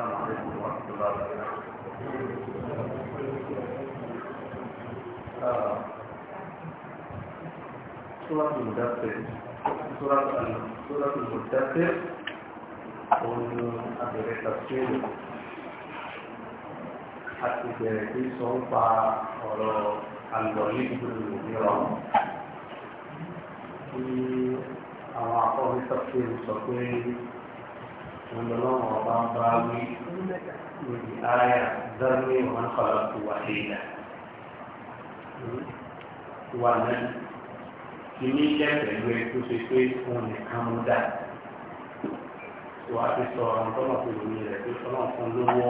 السلام عليكم ورحمة الله وبركاته سورة المدثر سورة سورة المدثر ونحن التفسير حتى في صوفة أو الوليد بن المغيرة في أو أعطاه التفسير الصحيح ونلوم وضعهم باوي ودي آية ذرني ومن خلقت وحيدا وأنا kìíní jẹ́ pẹ̀lú ẹ tó ṣe pé òun nìkan mú dá wàá ti sọ ọ̀rọ̀ tọ́lọ̀ tó lò ní rẹ̀ pé tọ́lọ̀ fún lówó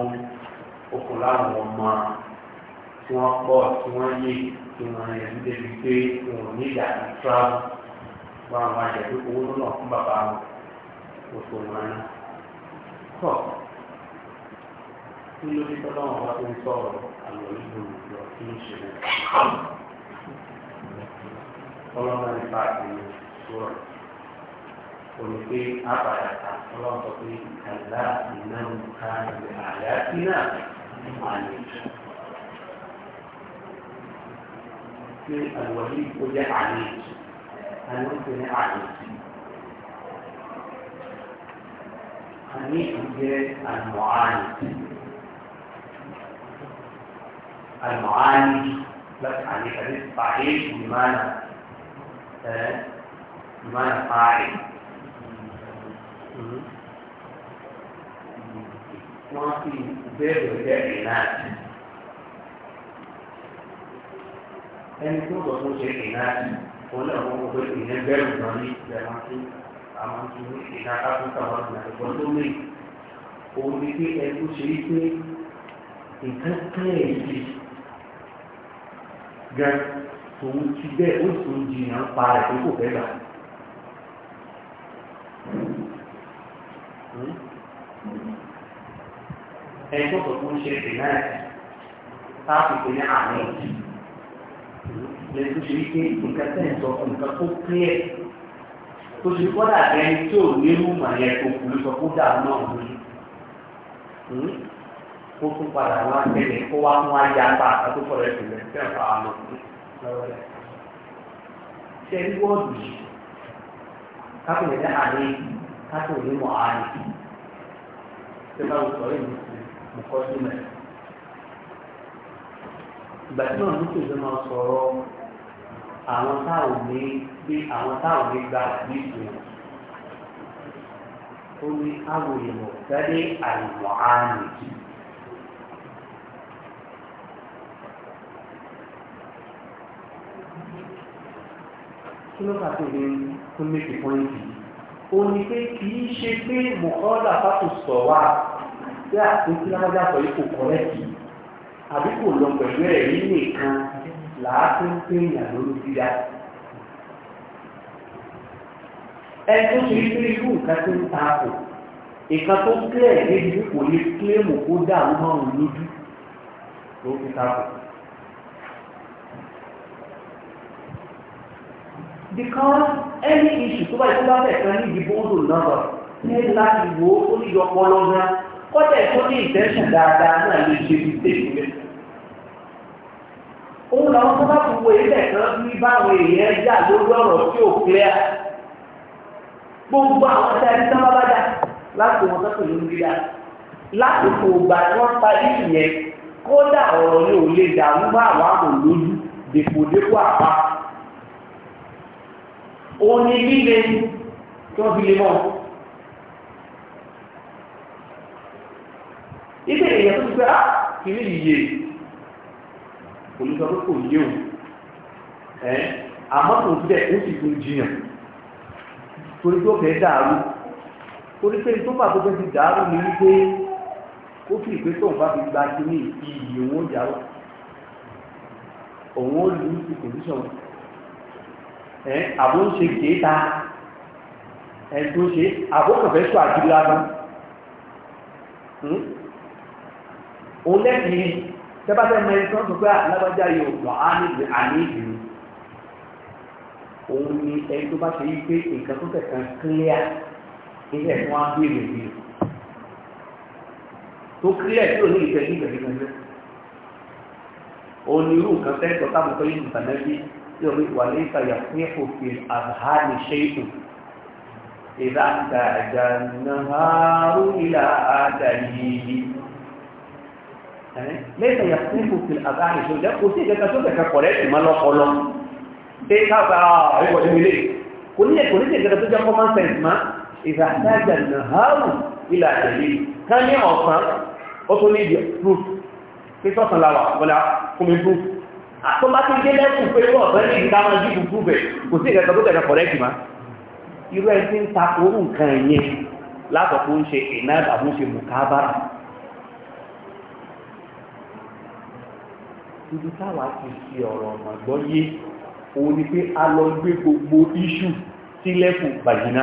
okùn láwọn ọmọ tí wọ́n pọ̀ tí wọ́n yé tí wọ́n yẹ ń débi pé òun ní ìyá ti tíráàbù wọn àwọn àjẹ̀dú owó lọ́nà fún bàbá wọn kò tó wọn náà tọ̀ kí ló dé tọ́lá wọn bá tó ń sọ̀rọ̀ àlọ́ ìlú ìjọ kí ló ṣe lẹ́yìn ọlọ́mọ nípa àtìlẹ́ sọ̀rọ̀ olùgbé abàyàtà ọlọ́mọ pé kàlá ìnáwó ká ilẹ̀ àyà sí náà àlè. Ṣé àlùwàlí ó jẹ́ àlè? Àlùwàlí ó jẹ́ àlè. أني حديث المعالج المعالج بس عن حديث صحيح بمعنى بمعنى قاعد ما في بيت ولا عناد ẹni tó bọ̀ tó ṣe ìnáàtì òun náà wọ́n gbé ìyẹn àwọn tí ó ṣe ká káfíńtà wọn ní àgbọ̀ tó lè òun ni pé ẹni ṣe é pé nǹkan kan ẹ̀ ṣe gan tòun ti bẹ́ẹ̀ ó sì ń jiyàn pa ẹ̀ tó kò fẹ́ gbà. ẹni tó sọ fún ṣe ṣe náà táàpù ní àárín lẹ́yìn tó ṣe é pé nǹkan tẹ̀ ń sọ nǹkan tó clear tó ṣe kọ́dà ẹni tí ò nírú màyẹ tó kù ló sọ kódà náà lójú hmm? kó tún padà wá tẹ̀lé kó wá mú ayé apá àtúntò rẹ̀ sílẹ̀ tí wọ́n fà á mọ̀ lọ́wọ́ rẹ̀. ṣé ẹni wọ́ọ̀dù yìí kápẹ̀ ní àlẹ́ kápẹ̀ ní mọ̀ àlẹ́ ṣé báwo sọ yìí mo kọ́ sí mẹ́rin. ìgbà tí wọ́n ní kò ṣe máa sọ̀rọ̀ àwọn táwọn ní pé àwọn táwọn ní gba àdìsù ó ní àwọn èèmọ̀ tẹ́lẹ̀ àìwọ̀ àmì. kí ló pàtó ní kó méjì pọ́ìntì ó ní pé kì í ṣe pé mọ̀kọ́lá pàtó sọ wá bí àpótí lágbàdàpọ̀ yìí kò kọ́lẹ́tì àbí kò lọ pẹ̀lú ẹ̀rí nìkan làákó ń pè èèyàn lórí dídá ẹni tó ṣe pé irú nǹkan tó ń ta kò nǹkan tó ń kílẹ̀ níbi kò lè kílẹ̀mù kó dàrú mọ́ òun lójú ló fi ta kò. because any issue tó bá yẹ kó bá fẹ̀ kan ní ìdìbò ó dùn náà ní láti wo ó ní yọpọ lọ́gbọ́n kọ́tẹ̀ tó ní ìtẹ́sùn dáadáa náà lè ṣe bí tèmi òun làwọn tó bá fún wo ilé kan ní báwọn èèyàn já lórí ọ̀rọ̀ tí ò clear gbogbo àwọn tí a sábà bá dà láti wọn sọ́kùn ló ń bí dà láti kò gbà tí wọ́n parí ìyẹn kódà ọ̀rọ̀ ni ò lè àwọn àmọ̀ kò ní sọ pé kò yé o ẹ àmọ́ kò bẹ̀ ó sì tún jiyàn torí tó fẹ́ dàrú torí pé tó bá tó fẹ́ ti dàrú ni wípé ó fi ìpè tóun bá fi gba kíní iyì òun ó jà wá òun ó lu ti pòsíṣàn ẹ àbó ń ṣe kéta ẹ tó ṣe àbó kàn fẹ́ sọ àdúrà náà hmm? òun lẹ́sìn tẹ́bá fẹ́ mọ ẹ̀sán tó gbá alábàjá yóò wà á níbi àníbi òun ni ẹni tó bá ṣe yí pé nǹkan tó kẹ̀kan kílíà nílẹ̀ tó wá bí èrè bí tó kílíà tí ò ní ìfẹ́ ní ìfẹ́ nígbà náà òun ni irú nǹkan fẹ́ sọ táwọn tó yí nìtànẹ́bí tí omi wà ní ìtàyà fún òfin àbáhání ṣéèkù ìdáǹdà àjà náà rú ìlà àdàyè yìí lẹ́sẹ̀ yà fún ìfòfin àbáyé tó jẹ́ kò sí ìkẹta tó kẹ̀kẹ́ kọ̀rẹ́ ìmọ̀ lọ́pọ̀lọ́ pé káàkà àríwọ̀ ìmìlẹ̀ kò ní ẹ̀kọ́ ní ìkẹta tó jẹ́ common sense ma ìràtájà nàhárù ilà àtẹ̀lé ká ní ọ̀sán ó tó ní ìdí proof pé sọ́sàn láwà wọlá fún mi proof àtọ́bá tó dé lẹ́kùn pé wọ́n ọ̀sán ní ìdá máa jíkù proof ẹ̀ kò sí ìkẹta tó kẹ̀kẹ́ kọ̀rẹ́ ìmọ̀ irú ẹ̀ ti ń ta ibi táwa ti fi ọ̀rọ̀ ọ̀nà gbọ́ yé òun ni pé a lọ gbé gbogbo iṣu sí lẹ́fù bàjínà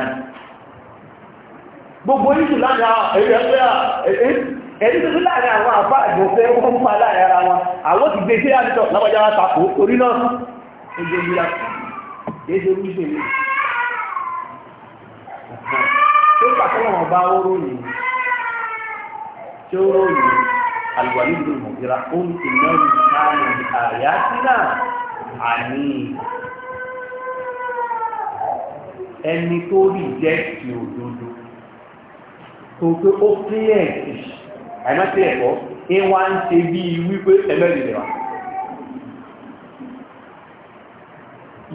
gbogbo iṣu láàrin ẹ̀rí tó fi láàrin àwọn àbá ìgbòfẹ́ wọ́n fà láàrin ara wọn àwọn ti gbé sí àdìtọ̀ lábàjá wa tako torí náà ẹgbẹ́ ìlú ẹgbẹ́ ìlú tó pàtàkì bá ó ròyìn tí ó ròyìn àlùwàlú ìlú ìmọ̀gíra ó ń tì náà àmì àyátínà àní ẹni tó rí jẹ́ ti òdodo tó pé ó kílẹ̀ ẹ̀sì àìmọ́sí ẹ̀kọ́ ní wá ń ṣe bí wípé ẹlẹ́rìí rẹ̀ wá.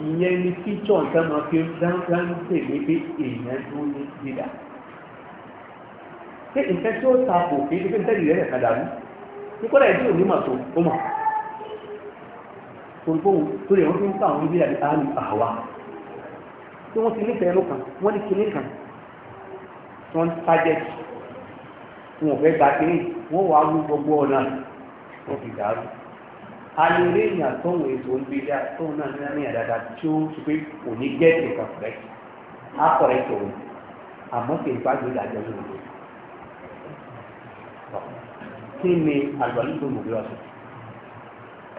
ìyẹn ni fíjọ nǹkan máa fi ránrán tèmi pé èèyàn tó ní dídà pé nǹkan tí ó ta kò kí ní pé ń tẹ́lẹ̀ rẹ̀ kàdà mú ní kọ́lá ẹ̀dí òní mà tó ó mà tòǹtòǹ torí àwọn tó ń pa àwọn ìbílẹ̀ àlù àwa tí wọ́n ti nífẹ̀ẹ́ ẹnu kan wọ́n ní kinní kan tí wọ́n target tí wọ́n fẹ́ gba kinní wọ́n wà á wú gbogbo ọ̀nà wọ́n fi dàrú. alèrè ìyà tọ́hún èso ìbílẹ̀ àtọ́hún náà nínú àníyàn dáadáa tí ó ṣe pé kò ní gẹ́ẹ̀tì kan correct á correct àmọ́ kì í bá gbé ìdájọ́ lóore kí ni àgbàlú tó mọ̀ bí wọ́n sọ.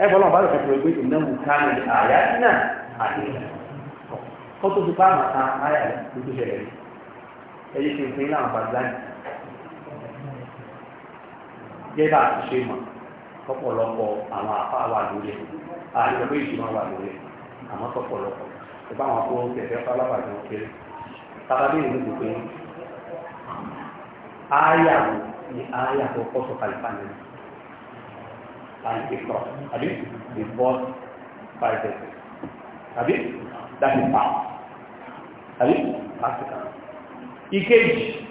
ẹgbọ́n ọba lọ́kọ̀ tó gbé na mú kánú ní àyà iná àdéhùn kó tó fi bá tó ṣẹlẹ̀ yìí ẹyí náà bá gẹ́gà tó ṣe mọ̀ kọ́pọ̀lọpọ̀ àwọn àfa wà lórí àjọpọ̀ ìṣúná wà lórí àmọ́ kọ́pọ̀lọpọ̀ ẹ bá wọn kó fálábà ìlú gbogbo ni and Ikra. Have you? The first five verses. Have you? That is past. Have you? Practical. Ìkejì,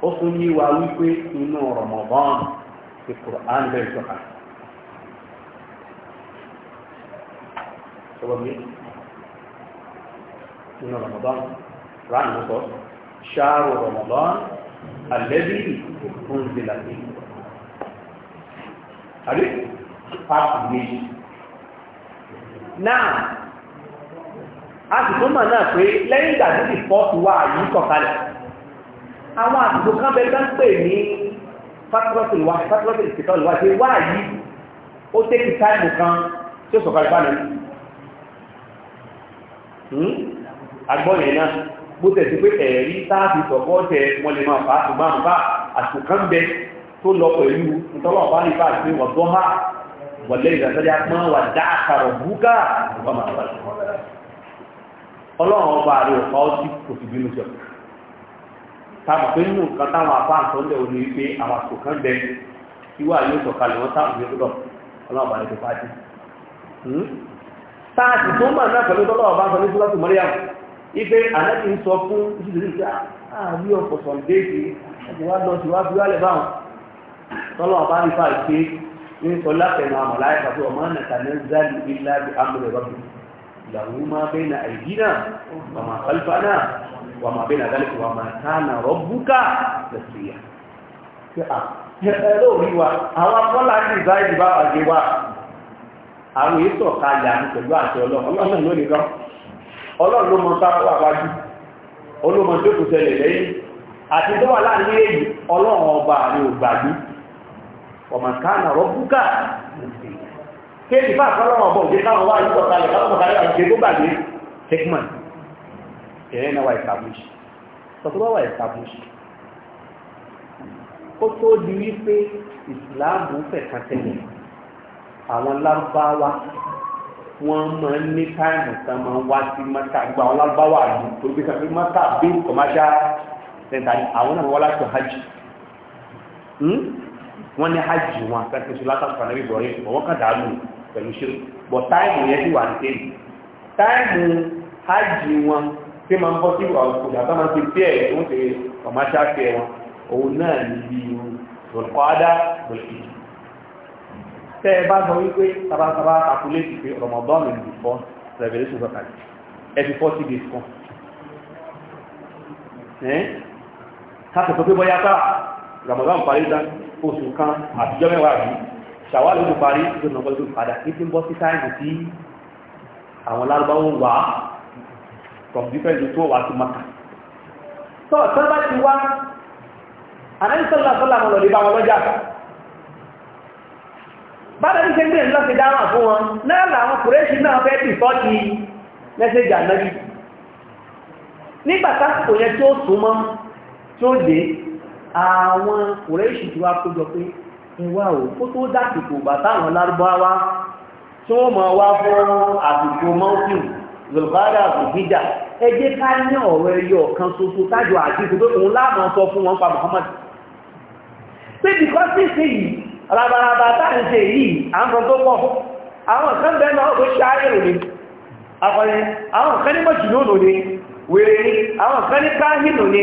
ó tún yí wa wípé inú Ramadan ti Quran bẹ̀rẹ̀ sọ́kà. Ṣọ́wọ́ mi, inú Ramadan, Quran ló Ramadan, àlẹ́bí, ó ń àbí páàkì méjì náà àsìkò mà náà pé lẹ́yìn ìgbà tí ìfọ́ọ̀tù wà yìí sọ̀kalẹ̀ àwọn àsìkò kan bẹ bá ń pè ní fásitì wá fásitì ìsìkọ́ ìwà ṣe wá yìí ó tẹ́kì táìmù kan tí ó sọ̀kalẹ̀ bá nìyí hmm? agbọ́yẹ̀ náà bó tẹ̀sí pé ẹ̀rí táàbì sọ̀kọ́ tẹ̀ wọ́n lè máa fà á ṣùgbọ́n àmúbá àsìkò kan bẹ tó lọ pẹ̀lú ìtọ́lọ̀ ọba nípa àti wọ̀ tó há pọ́n wà dáàkàrọ̀ búkà ọmọ àwọn ọlọ́run ọba rẹ̀ ọ̀pá ọtí kò sì bínú sọ táwọn pé nínú nǹkan táwọn apá àtọ́ lẹ̀ òní pé àwọn kan bẹ táwọn ọba rẹ̀ hmm? tó táàtì tó náà pẹ̀lú tọ́lọ́ ọba ní ife ti ń tọ́lọ́ ọba nípa ìpè ní sọlá pẹ̀lú àmọ̀lá ẹ̀ka tó ọmọ nàta ní zálì ilá bí amúlẹ̀ rọ́bì làwọn máa bẹ́ẹ̀ na àìjí náà wà máa kálífà náà wà máa bẹ́ẹ̀ na dálẹ́kù wà máa ká na rọ́bùkà lẹ́sìn yà. ẹ lóòrí wa àwọn akọ́lá ti bá ìdìbò àwọn wa àwọn èso ọ̀ka yà ní pẹ̀lú àti ọlọ́run ọlọ́run ló nìkan ọlọ́run ló mọ sáwọ́ àwájú olómọ tó ọmọkànà rọ́bùkà kéèkì fà fọ́lọ́wọ́ bọ̀ jẹ́ káwọn wá ìtọ̀kalẹ̀ káwọn mọ̀kànlẹ̀ àwọn jẹ́ gbogbo hekman ẹ̀rẹ́ náà wà ìtàbùsì tọ́tọ́wọ́ wà ìtàbùsì ó tó di wípé ìsìláàmù fẹ̀kan tẹ́lẹ̀ àwọn lábáwá wọ́n máa ń ní táìmù tán máa ń wá sí mọ́tà gba àwọn lábáwá àdúgbò tó gbé kan pé bí kọ̀máṣá sẹ́ńtà àwọn náà wọ́n láti hajj hmm? wọ́n ní hajj wọn kẹ́kẹ́ sọ látàkùn fún anábì bọ̀rẹ́ ìfọ̀ wọ́n kàn dànù pẹ̀lú ṣe bọ̀ táìmù yẹn ti wà ní tẹ́lẹ̀ táìmù hajj wọn tí máa ń bọ́ sí ọ̀kùnrin àbá máa ti tẹ́ ẹ̀ tó ń ṣe ọ̀ma ṣáfẹ́ wọn òun náà ní bí bọ̀lùkọ́dá bọ̀lùkì tẹ́ ẹ bá sọ wípé sábàsábà calculate pé Ramadan is before revelation sọ̀kalẹ̀ ẹ fi forty days kan ẹ́ ká sọ pé bọ́yá ká Ramadan parí dáná oṣù kan àtijọ́ mẹ́wàá rí ṣàwá ló ti parí tó nà gbọ́dọ̀ padà ní ti ń bọ́ sí táìmù tí àwọn lárúbáwò wà from different tó wà sí maka tó ọ̀sán bá ti wá anáìsọ́lá sọ́lá mọ̀ lọ́dẹ bá wọn lọ́jà bára ní ṣẹ́gbẹ́ ńlọ ti dáhùn fún wọn náà làwọn kùrẹ́ṣì náà fẹ́ tì sọ́ ti mẹ́sẹ̀jì ànábì nígbà tásìkò yẹn tí ó súnmọ́ tí ó dé àwọn kùrẹ́ṣì tí wá kójọ pé ìwà ò kó tó dàsìkò bàtà àwọn lárúbáwá tí wọ́n mọ̀ wá fún àsìkò mọ́tìn zolgada ògbìjà ẹ jẹ́ ká ní ọ̀rọ̀ ẹyọ kan ṣoṣo tájọ àdìsí pé òun láàmú sọ fún wọn pa Muhammad pé bìkọ́sì sí yìí rabaraba táà ń ṣe yìí à ń sọ tó pọ̀ àwọn kan bẹ́ẹ̀ náà ó ṣe ayé òní àkọni àwọn kan ní mọ̀jùlónù ni wèrè ni àwọn kan ní káhínù ni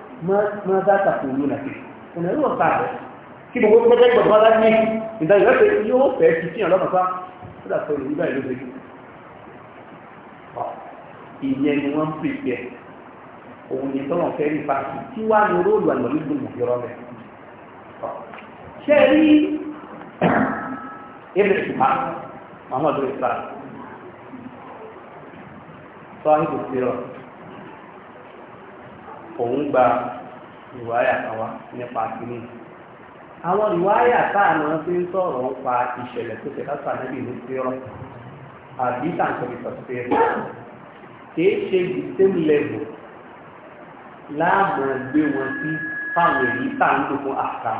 ماذا تقولون فيه أنا هو صعب kí gbogbo tó gbẹ́gbẹ́ gbogbo alá ní ìdájọ́sẹ̀ yóò fẹ́ ti fihàn lọ́pàá tó dàtọ̀ ìlú báyìí ló gbẹ́gbẹ́ ìyẹn ni wọ́n ń pè pẹ́ òun ni tọ́lọ̀ fẹ́ rí pàṣẹ tí wàá ní róòlù àlọ́lù gbogbo ìrọ̀ rẹ̀ ṣe rí ebe ìgbà Muhammadu Islam sọ ahìbò sí ọ̀rọ̀ òun gba ìwáyà kan wá nípa kìíní àwọn ìwáyà táàmù fi ń sọ̀rọ̀ ń pa ìṣẹ̀lẹ̀ tó ṣe lásán níbi ìlú sírọ̀ àbí tàǹkọ̀bì sọ̀tẹ́rì kìí ṣe the same level láàmú gbé wọn sí fáwọn èyí tá à ń lò àká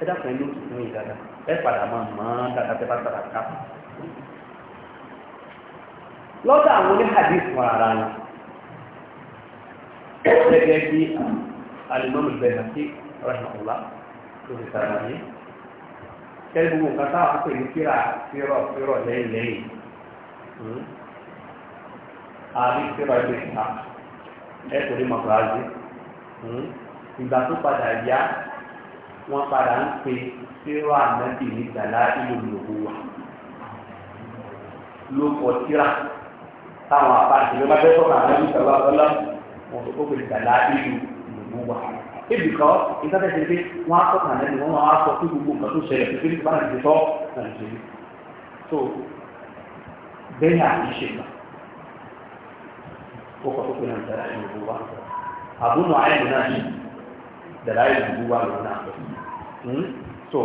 ẹ dákun ẹni òtún fún ìdáda ẹ padà máa mọ̀ ọ́n dáadáa tẹ́ bá gẹ́gẹ́ bí alimami bẹ̀rẹ̀ rahimahullah ló fi sara yìí kẹ́lí gbogbo nǹkan táwọn akpè ní kíra fírọ̀ fírọ̀ lẹ́yìn lẹ́yìn hmm? àbí fírọ̀ ẹgbẹ́ ìta ẹ kò ní mọ̀kúrájú hmm? ìgbà tó padà yá wọ́n padà ń pe fírọ̀ ànábì ní gbàlá ìlú lòwú wa ló kọ tíra táwọn apá àti ìjọba tẹ́tọ́ kà ní ìjọba ọlọ́run. وتقول لك لا إيشو نبوة إيه بيكار إنت تشتري إيه؟ ما أعرف أنا اللي هو أعرف في نبوة في كل كمان بيتو نجيب so بين عيشنا وقفوا بين دلائل النبوة أظن على مناجي دلائل النبوة لنا so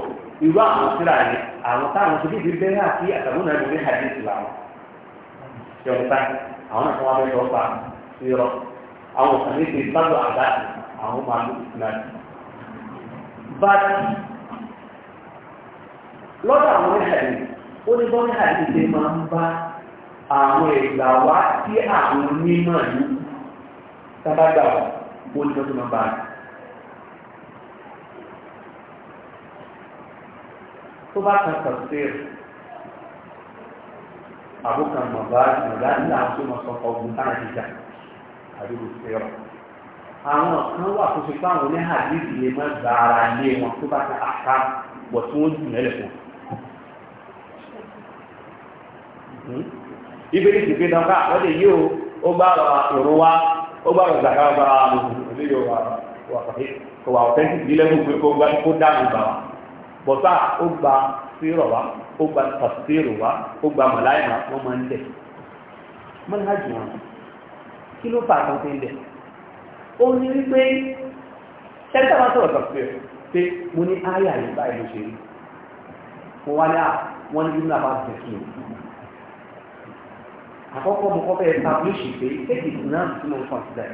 irú àwọn kan ní ti bá lọ àdá àwọn máa lò ìsìláàdì. báyìí lọ́dọ̀ àwọn ìhàdì ó ní bọ́n ìhàdì ṣe máa ń bá àwọn ìgbà wá sí àwọn onímọ̀ yìí tábàgbà wọ́n ní wọ́n ti máa bá a. tó bá kan sọ̀tẹ́rì àbúkan mọ̀gbá mọ̀gbá ńlá tó mọ̀ sọ̀kọ̀ ọ̀gbìn táwọn ti jà àdúgbò fẹ́rọ. àwọn kan wà tó ṣe fáwọn ní àdìsí lè má gba ara lé wọn tó bá ti àká wọ̀ tí wọ́n jù mẹ́lẹ̀ fún. Hmm? ibèrè ti gbé dán ká wọ́n lè yí o ó bá rọ ìrún wa ó bá rọ ìgbàgbà bá wa lòdù eléyìí ó wà wà pàdé kò wà ọ̀tẹ́ntì ìdílé gbogbo kó gbá kó dáhùn gbà wá bọ̀tá ó gba sírọ̀ wá ó gba tafsírù wá ó gba màláìmá wọ́n máa ń tẹ̀ mọ́nà hajj wọn kí ló fà tó ń bẹ̀ ó ní wípé ṣẹ́ńtà máa sọ̀rọ̀ kan pé pé mo ní áyà yìí báyìí ló ṣe rí mo wá ní à ah, wọ́n ní bímọ àbá tẹ̀ sí o àkọ́kọ́ mo kọ́ bẹ́ẹ̀ tábílíṣì pé ṣéèkì ìdìnnà tí mo kọ̀ǹsìdà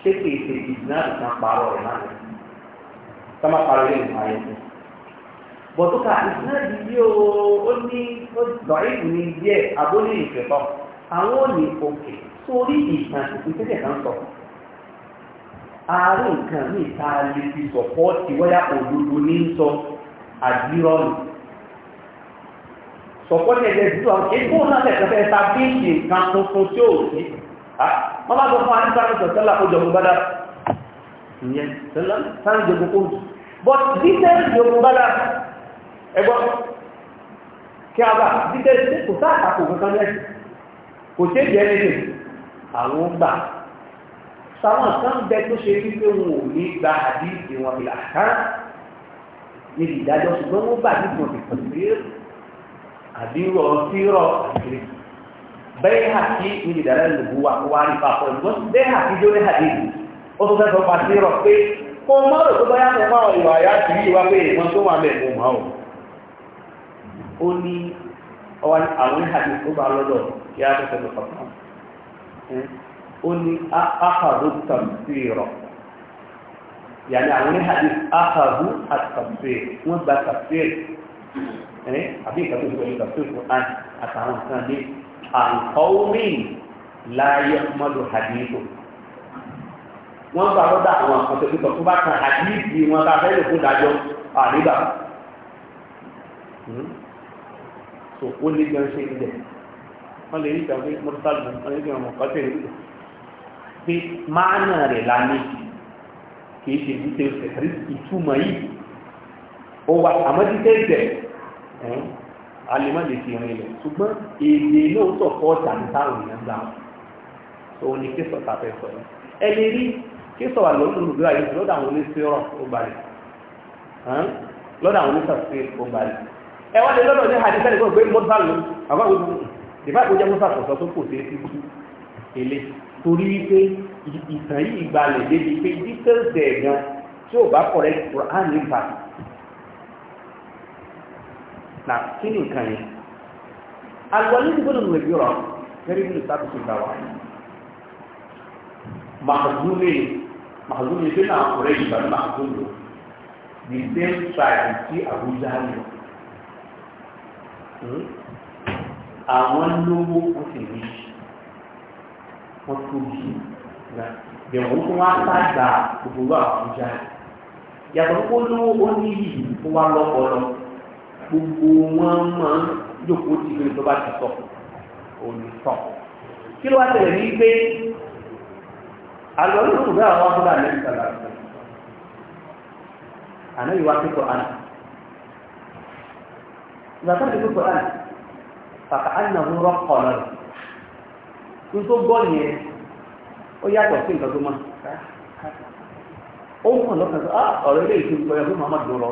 ṣéèkì ìdìnnà ìtàn parọ́ rẹ̀ náà sábà parọ́ rẹ̀ nípa ayẹyẹ bọ̀túkà ìdìnnà yìí ó ní ó dọ̀rí ìdìnnà díẹ̀ abólé ìfẹ́ tán àwọn ò ní òkè torí ìtàn àtìkú tẹ́tẹ̀ kan sọ ààrùn nǹkan ní ìta lè fi sọ̀pọ̀ tí wáyà òdodo ní ń sọ àdírọ́nù sọ̀pọ̀ ní ẹgbẹ́ ìdúró àwọn èkó náà tẹ̀sán fẹ́ ta bí nǹkan tuntun tí ó sí wọ́n bá sọ fún wa nípa ìsọ̀ but details jọ̀gbọ́n bá dá ẹgbọ́n kí a bá details kò sáà kàkó kankan lẹ́sìn àwọn gbà sáwọn kan bẹ tó ṣe wípé wọn ò ní gba àdíìsì wọn ìlà kan níbi ìdájọ́ ṣùgbọ́n wọ́n gbà nípa ìpò sí àdírọ̀ sírọ̀ àkèrè bẹ́ẹ̀ hà sí níbi ìdájọ́ ìlú wa kó wá nípa àpọ̀ ìgbọ́n bẹ́ẹ̀ hà sí lórí àdíìsì ó tó fẹ́ sọ pa sírọ̀ pé kó mọ́ rò tó bá yàtọ̀ fáwọn ìwà àyà sí ìwà pé ìwọ̀n tó wà bẹ̀ kó mọ́ ò ní àwọn ìhàdí tó bá lọ́dọ̀ kí á tó fẹ́ ó ní akadu tafsir yàrá àwọn ní hadith akadu tafsir wọ́n gba tafsir àbí ìkàtó ìgbẹ̀lú tafsir Qur'an àtàwọn nǹkan ní àǹkọ́wé láyé mọ́lù hadithu wọ́n gba lọ́dọ̀ àwọn àkọsẹ̀kùtọ̀ tó bá kan àdíìsì wọn bá fẹ́ lè kó dájọ́ àdígbà tó hmm? ó ní gan ṣe ilẹ̀ wọ́n lè rí ìtàn pé mọ́tàlù wọ́n lè rí ọmọ kan tẹ̀lé ìlú pé máànà rẹ̀ la ní kì í ṣe dídé ìfẹ̀rí ìtumọ̀ yìí ó wà àmọ́ dídé ìfẹ̀ a lè má lè fi rìn lẹ̀ ṣùgbọ́n èdè náà sọ̀kọ́ tàbí táwọn èèyàn gbà òun ni kí sọ̀tà fẹ́ sọ yìí ẹni rí kí sọ̀rọ̀ lọ́dún lùdú àyè lọ́dọ̀ àwọn oníṣẹ́rọ̀ ó gbalẹ̀ lọ́dọ̀ àwọn oníṣàṣẹ́ ó gbalẹ̀ ẹ wá lè lọ́dọ̀ ní àdìsẹ́ nìkan pé mọ́tàlù àwọn ìbá ìkójẹ́ musa kò sọ tó kò sí títí èlé torí wípé ìtàn yìí gbalẹ̀ débi pé details dẹ̀ tí ò bá correct Quran nípa na kí ni nǹkan yẹn alùpàdé ti gbọ́dọ̀ lè gbọ́dọ̀ lórí nínú sábìsì ìgbà wa màdúmé màdúmé tó náà kọrẹ ìgbà màdúmé the same tribe ti Abuja lọ àwọn lówó ó sì rí wọ́n tóbi bẹ̀rù fún wa sáàgbà gbogbo àwọn àbújá yàtọ̀ kó lówó ó ní yìí ó wá lọ́pọlọ gbogbo wọn máa ń jókòó tì lórí tó bá ti sọ òní sọ kí ló wá tẹ̀lé ní pé àlọ́ yóò bẹ́ẹ̀ àwọn ọmọdé àlẹ́ ìsàlẹ̀ àná ìwà pípọ̀ àná ìgbà pípọ̀ àná kàkà ánàwó rọ́pọ̀ lọ́rọ̀ ní tó ni, yẹn ó yàtọ̀ sí nǹkan tó máa ó hàn lọ́kàn tó ah, ọ̀rọ̀ ilé ìṣòro ìgbọ̀yọ̀ fún Muhammad ló lọ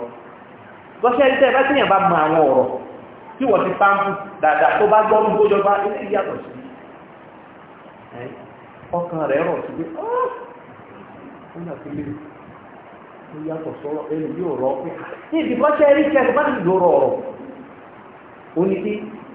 gọ́ṣẹ́ ẹ̀ṣẹ́ bá tíyàn bá mọ àwọn ọ̀rọ̀ tí wọ́n ti sáńpù dáadáa tó bá gbọ́ nígbó jọba ilé yàtọ̀ sí ọkàn rẹ̀ rọ̀ sí pé ah, ó yàtọ̀ lé ó yàtọ̀ sọ́rọ̀ ẹnu yóò rọ pé ah, ní ìdìbọ́ṣẹ́ rí kẹ́ẹ̀ẹ́ bá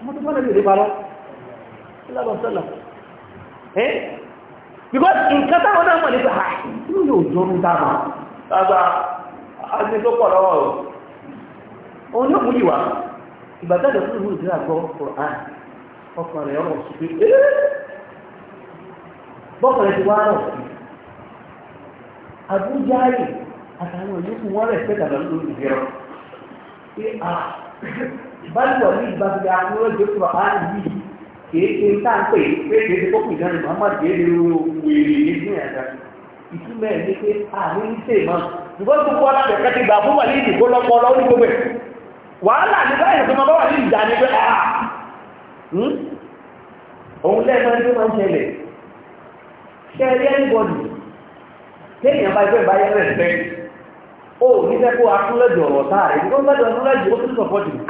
ọmọ tó fọ́nà lè parọ́ lọ́dọ̀ because nǹkan kata náà mọ̀ ní pé ah, inú yóò jọ ní dáàmà dama. àti tó pọ̀ lọ́wọ́ ọrụ. òun ní òkú ìwà ìgbàjáde fún ìlú ìdílé àgbọ̀ ọ̀hán ọkàn rẹ̀ ọmọ òṣù pé bọ́ọ̀kàn rẹ̀ ti wá náà báyìí wọ̀nyí ìgbàgbé akúrọ́jẹ́ kùrọ̀hánì yìí kìí ṣe ń tà ń pè pé kìí ṣe kókò ìdáni muhammad yé lè ro wèrè nínú ẹ̀dá ìtumọ̀ ẹ̀ ní pé àmì ń tè mọ́ ṣùgbọ́n gbogbo alábẹ̀ kẹ́tì gbà fún wàlí ìdìbò lọ́pọ̀ lọ́wọ́ ní gbogbo ẹ̀ wàhálà ní báyìí tó máa bá wàlí ìdá ni pé àà ah, hmm? òun lẹ́ẹ̀mọ́ ní máa ń ṣẹlẹ̀ ṣe ẹ̀rí ẹ̀ńgọ́dì téèyàn bá ìfẹ́ ìbáyẹ̀ rẹ̀ fẹ́ o nífẹ̀ẹ́ kó akúnlẹ̀jọ̀ ọ̀rọ̀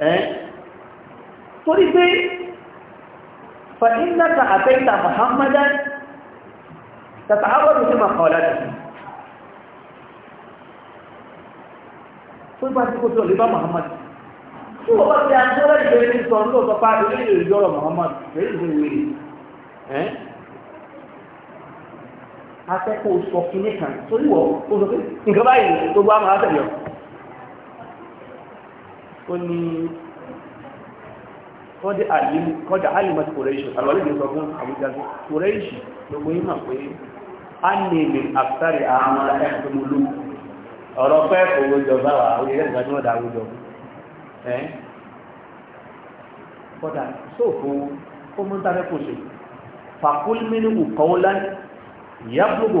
ẹ́ torí pé fa'inaka àtẹ́ta muhammadan tàtàwọ́dù sí makọ̀ọ́lájì tó bá tí kò tó lè bá muhammad tí wọ́n bá ti àjọ́rẹ́ ìgbẹ̀rẹ̀ ní sọ ní ọ̀sọ́pá ilé ìjọ́rọ̀ muhammad rẹ̀ ìwéwèrè ẹ́ akẹ́kọ̀ọ́ sọ kí kan torí wọ́n ó sọ pé nǹkan báyìí tó gbá ó ní kọ́dà alimọ̀tí kòrèṣì alwọ́lé ní sọ fún àwùjáde kòrèṣì gbogbo yí mọ̀ pé a ní ilẹ̀ àfẹ́rẹ̀ àwọn ẹ̀kùnmọ́lú ọ̀rọ̀ pẹ́ owó jọba wà ó yẹ ìgbà tí wọ́n dá àwùjọ ẹ́ kọ́dà sóòfò ó mú tàbí kò ṣe fàkúlmínú kọ́ọ́lá yàgbógbò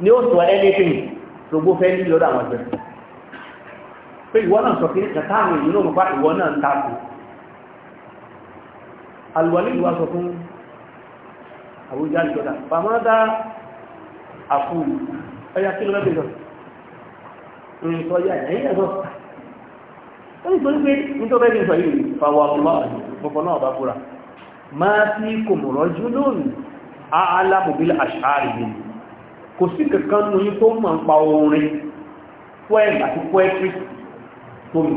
ni ó sọ anything ṣògbó fẹ́ ní lọ́dọ̀ àwọn ẹgbẹ́ pé ìwọ náà sọ kìíní kàtà àwọn èèyàn náà pa ìwọ náà ń tako alùwàlì ìwà sọ fún àwùjá ìjọdá pàmọ́dá àfúù ẹ̀yà kí ló lọ́bẹ̀ sọ ìrìn sọ yá ẹ̀yìn ẹ̀sọ́ ó ní torí pé nítorí pé nítorí yìí fàwọ̀ ọlọ́ọ̀rọ̀ mọ̀kọ̀ náà bá kò sí kankan nínú yín tó mọ̀ ń pa orin poem àti poetry tó mi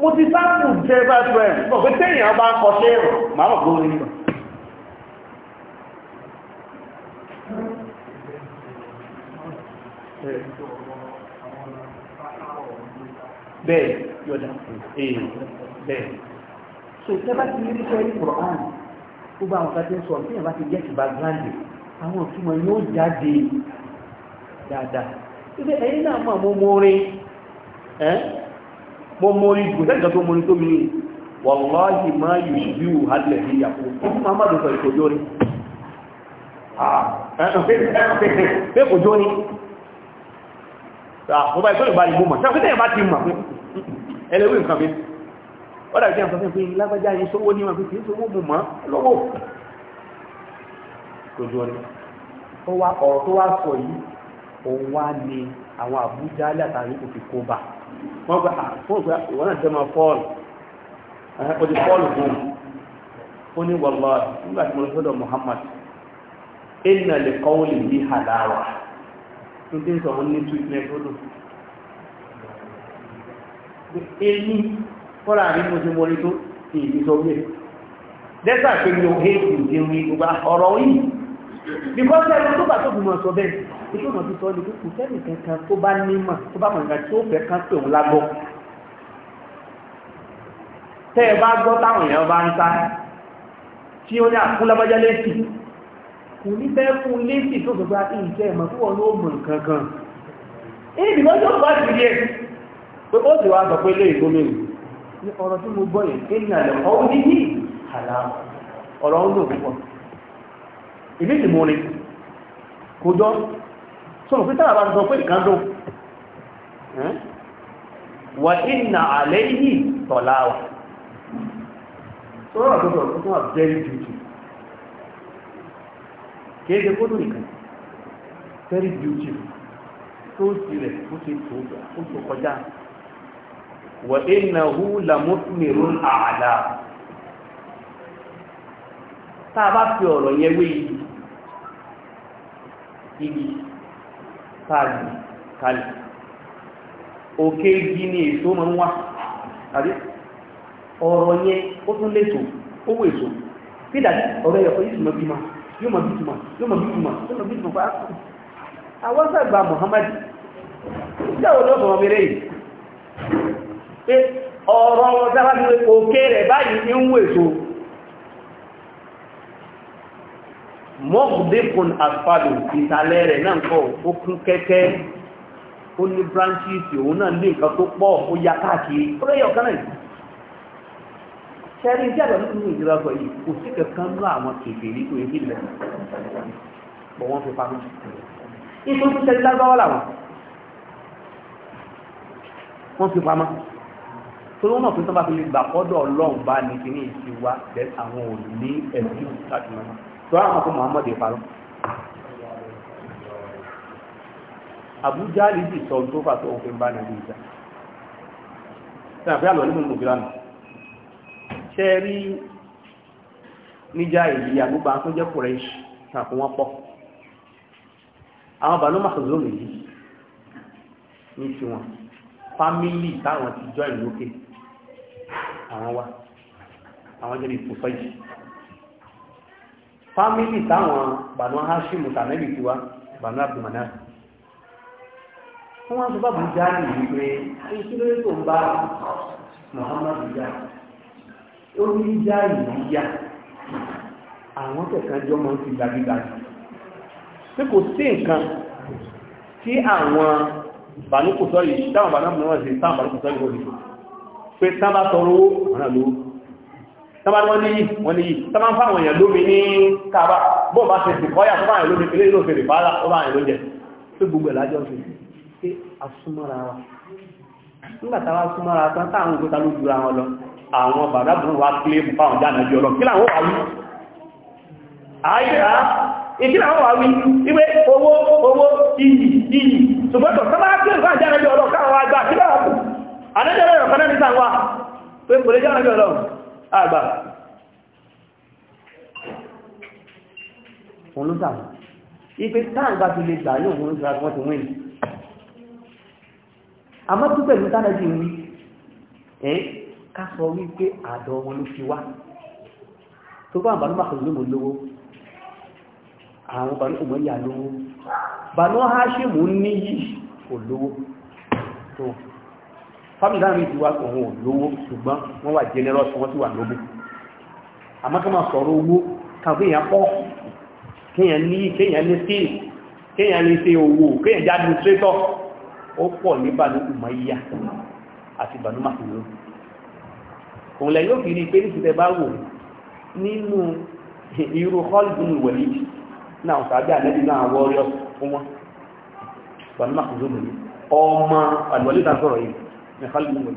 mo ti sáàpù jẹ bá jù ẹ̀ mọ̀ pé téèyàn bá ń kọ sí ẹ̀rọ màá mọ̀ pé orin nìkan bẹ́ẹ̀ yọ̀dà èèyàn bẹ́ẹ̀ so ìtẹ́bá ti ní sọ́yìn kùrọ̀ ààrùn gbogbo àwọn kan ti ń sọ ọ̀rọ̀ bá ti jẹ́ ìbá gbáǹdì àwọn òtúmọ̀ yóò jáde dáadáa ibi ẹ̀yìn náà mọ̀ mo mórí ẹ́ mo mórí gùn lẹ́gbẹ̀ẹ́ tó mórí tó mi ní wàláhì má yìí bí wù hálẹ̀ ní ìyàpò fún mamadu sọ ìkòjó ni pé kòjó ni mo bá ìkọ́lù bá ní mo mọ̀ sáfẹ́ tẹ́yẹ̀ bá ti mọ̀ pé ẹlẹ́wì nǹkan mi ọ̀dà ìjẹun sọ fẹ́ lójú ọ̀nà ó wá ọ̀rọ̀ tó wá sọ yìí òun wá ní àwọn àbújá látàrí kò kó bá wọ́n gba ah, fún ah, ìgbà náà fọ́ọ̀lù ó ti fọ́ọ̀lù lọ sọ́dọ̀ Muhammad ẹ̀nà lè kọ́wọ́ lè ní hàláwà tó dé sọ wọn ní tuntun fọ́lá rí mo ti wọlé tó dẹ́sà pé mi ò hé bíkọ́ sí ẹni tó bá tó gbìmọ̀ sọ bẹ́ẹ̀ iṣẹ́ ọ̀nà tuntun ni kò sẹ́ni kankan tó bá nímọ̀ tó bá mọ̀nìkan tí ó fẹ́ kán pè bá gbọ́ táwọn èèyàn bá ń sá tí ó ní kò ní fẹ́ fún tó gbogbo àti tó wọ́n ló mọ̀ ibi wọ́n tó bá ti yẹ pé ó sì wá sọ pé lé ní ìdí ìdìmò ni kò jọ sọ̀rọ̀ pé tààrà bá sọ pé ìkàndó wà ìnà àlẹ́ yìí tọ̀láwà sọ̀rọ̀ àtọ́sọ̀ tó wà very beautiful kìí ṣe kódù nìkan very beautiful tó sì rẹ̀ ó ṣe tó ó tó kọjá wà ìnà hù lamọ́tìmẹ̀rún àlà tá a ọ̀rọ̀ yẹn yìí síbi òkè igi ni èso mọ́ ń wá àbí ọ̀rọ̀ yẹn ó tún lẹ́tò owó èso tí ìdájí ọ̀rọ̀ ẹ̀yọ̀ yìí túnmọ̀ bímọ yóò mọ̀ bímọ yóò mọ̀ bímọ yóò mọ̀ pa àwọn sàgbà pé ọ̀rọ̀ mọ́kùdékun àfàdù ìsàlẹ̀ rẹ̀ náà kọ́ ó kún kẹ́kẹ́ ó ní branches òun náà lé nǹkan tó pọ̀ ó ya káàkiri ó lẹ́yìn ọ̀kan náà sẹ́rí tí àgbà nínú ìjọba sọ yìí kò sí kankan lọ àwọn kèfèrí tó yẹ nílẹ̀ bọ̀ wọ́n fi pamọ́ ìṣó tó sẹ́rí lágbáwá làwọn tó àwọn Muhammad ìparọ́ Abuja lè sì sọ tó fà tó òfin bá nàìjíríà ìjà tí a fẹ́ àlọ́ nínú òbí lánàá ṣe rí níjà èyí àgbógbà tó jẹ́ kùrẹ́ṣì tàkù wọn pọ̀ àwọn bàánú màkàzó nìyí ní tiwọn fámílì táwọn ti jọ ìlókè àwọn wa àwọn jẹ́ ní yìí Family táwọn bànú hashimu tànẹ́bì tiwa bànú abdulmana wọ́n wá sọ bá bùjá ní ìwé ìṣúlẹ̀ tó ń bá muhammadu já ó ní já ìyíyá àwọn kẹ̀kẹ́ jọ máa ń fi gbajúgbajú pé kò sí nǹkan tí àwọn bànú kò sọ táwọn bànú mìíràn tọ́bá wọ́n ní yìí wọ́n ní yìí tọ́bá ń fáwọn èèyàn lómi ní káàbá bó bá ṣe sì kọ́yà tọ́bá èèyàn lómi ilé ìlú òfèrè bá ọba èèyàn lóúnjẹ tó gbogbo ìlàjọ́ fi pé asúmọ́ra wa nígbà táwa súnmọ́ra tán táwọn ògbó ta ló jura wọn lọ àwọn bàbá bùn wa kílé bù fáwọn jáde jọ lọ kí làwọn wà wí àìsà ìkí làwọn wà wí ìwé owó owó iyì iyì ṣùgbọ́n tó sábà kílé bù fáwọn jáde jọ lọ káwọn wá gbà kí làwọn kò lè àgbà òun ló sàmù ipe táàgbà ti lè gbà ní òun ló sàmù wọ́n ti wọ́n àmọ́ tó pẹ̀lú tánàjì wí ẹ́ ká sọ wípé àdọ̀ wọn ló fi wá tó bá àbánú màkàrù ló mọ̀ lówó àwọn bànú òmọ̀ yà lówó bànú háṣímù níyì kò lówó tó fábí láàrin ìdíwá òun ò lówó ṣùgbọ́n wọ́n wà generous wọ́n sì wà lóbù àmọ́ kí wọ́n sọ̀rọ̀ owó kàwé èèyàn pọ̀ kéèyàn ní kéèyàn ní skill kéèyàn lè ṣe owó kéèyàn jẹ́ administrator ó pọ̀ ní Banu Umayya àti Banu Mahzum òun lẹ́yìn ó fi rí pé nítorí bá wò nínú irú Khalid Walid náà sàbí àlẹ́bí náà wọ́ọ́rọ́ fún wọn Banu Mahzum lónìí ọmọ àlùwálé ta sọ̀rọ̀ yìí nìkọ́lù wọlé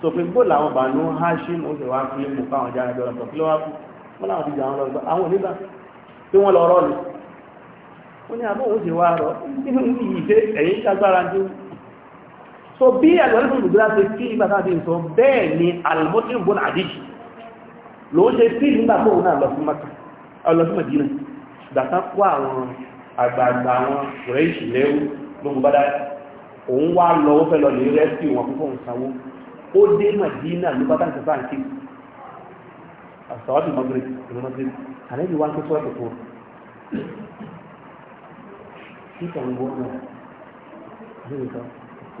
sòfin gbó làwọn bàánú hashim ó sì wá fi mú káwọn jáde lọ sọ kí ló wá kú wọn làwọn ti jà wọn lọ sọ àwọn onígbà tí wọn lọ rọ ni wọn ní àbọ òun sì wá rọ nínú yìí ṣe ẹ̀yìn ṣagbára ń dúró so bí àgbàlẹ́fún ìgbìlá ṣe kí nígbà tá a ti sọ bẹ́ẹ̀ ni alimotin bon adiji ló ń ṣe kí nígbà tó òun náà lọ sí maka lọ sí madina dàtà kó àwọn àgbààgbà àwọn rẹ̀ ìṣìlẹ́wò ló mú bá dáa òun wá lọ ó fẹ́ lọ lè rẹ́sì wọn fún fóun sanwó ó dé Madina ló bá tàǹtì báńkì àsọ̀ọ́dì mọ́gírì ìlú mọ́gírì àlejò wá ń pẹ́ sọ́ọ̀tì fún un. kíkà ń wọ́n náà lóòótọ́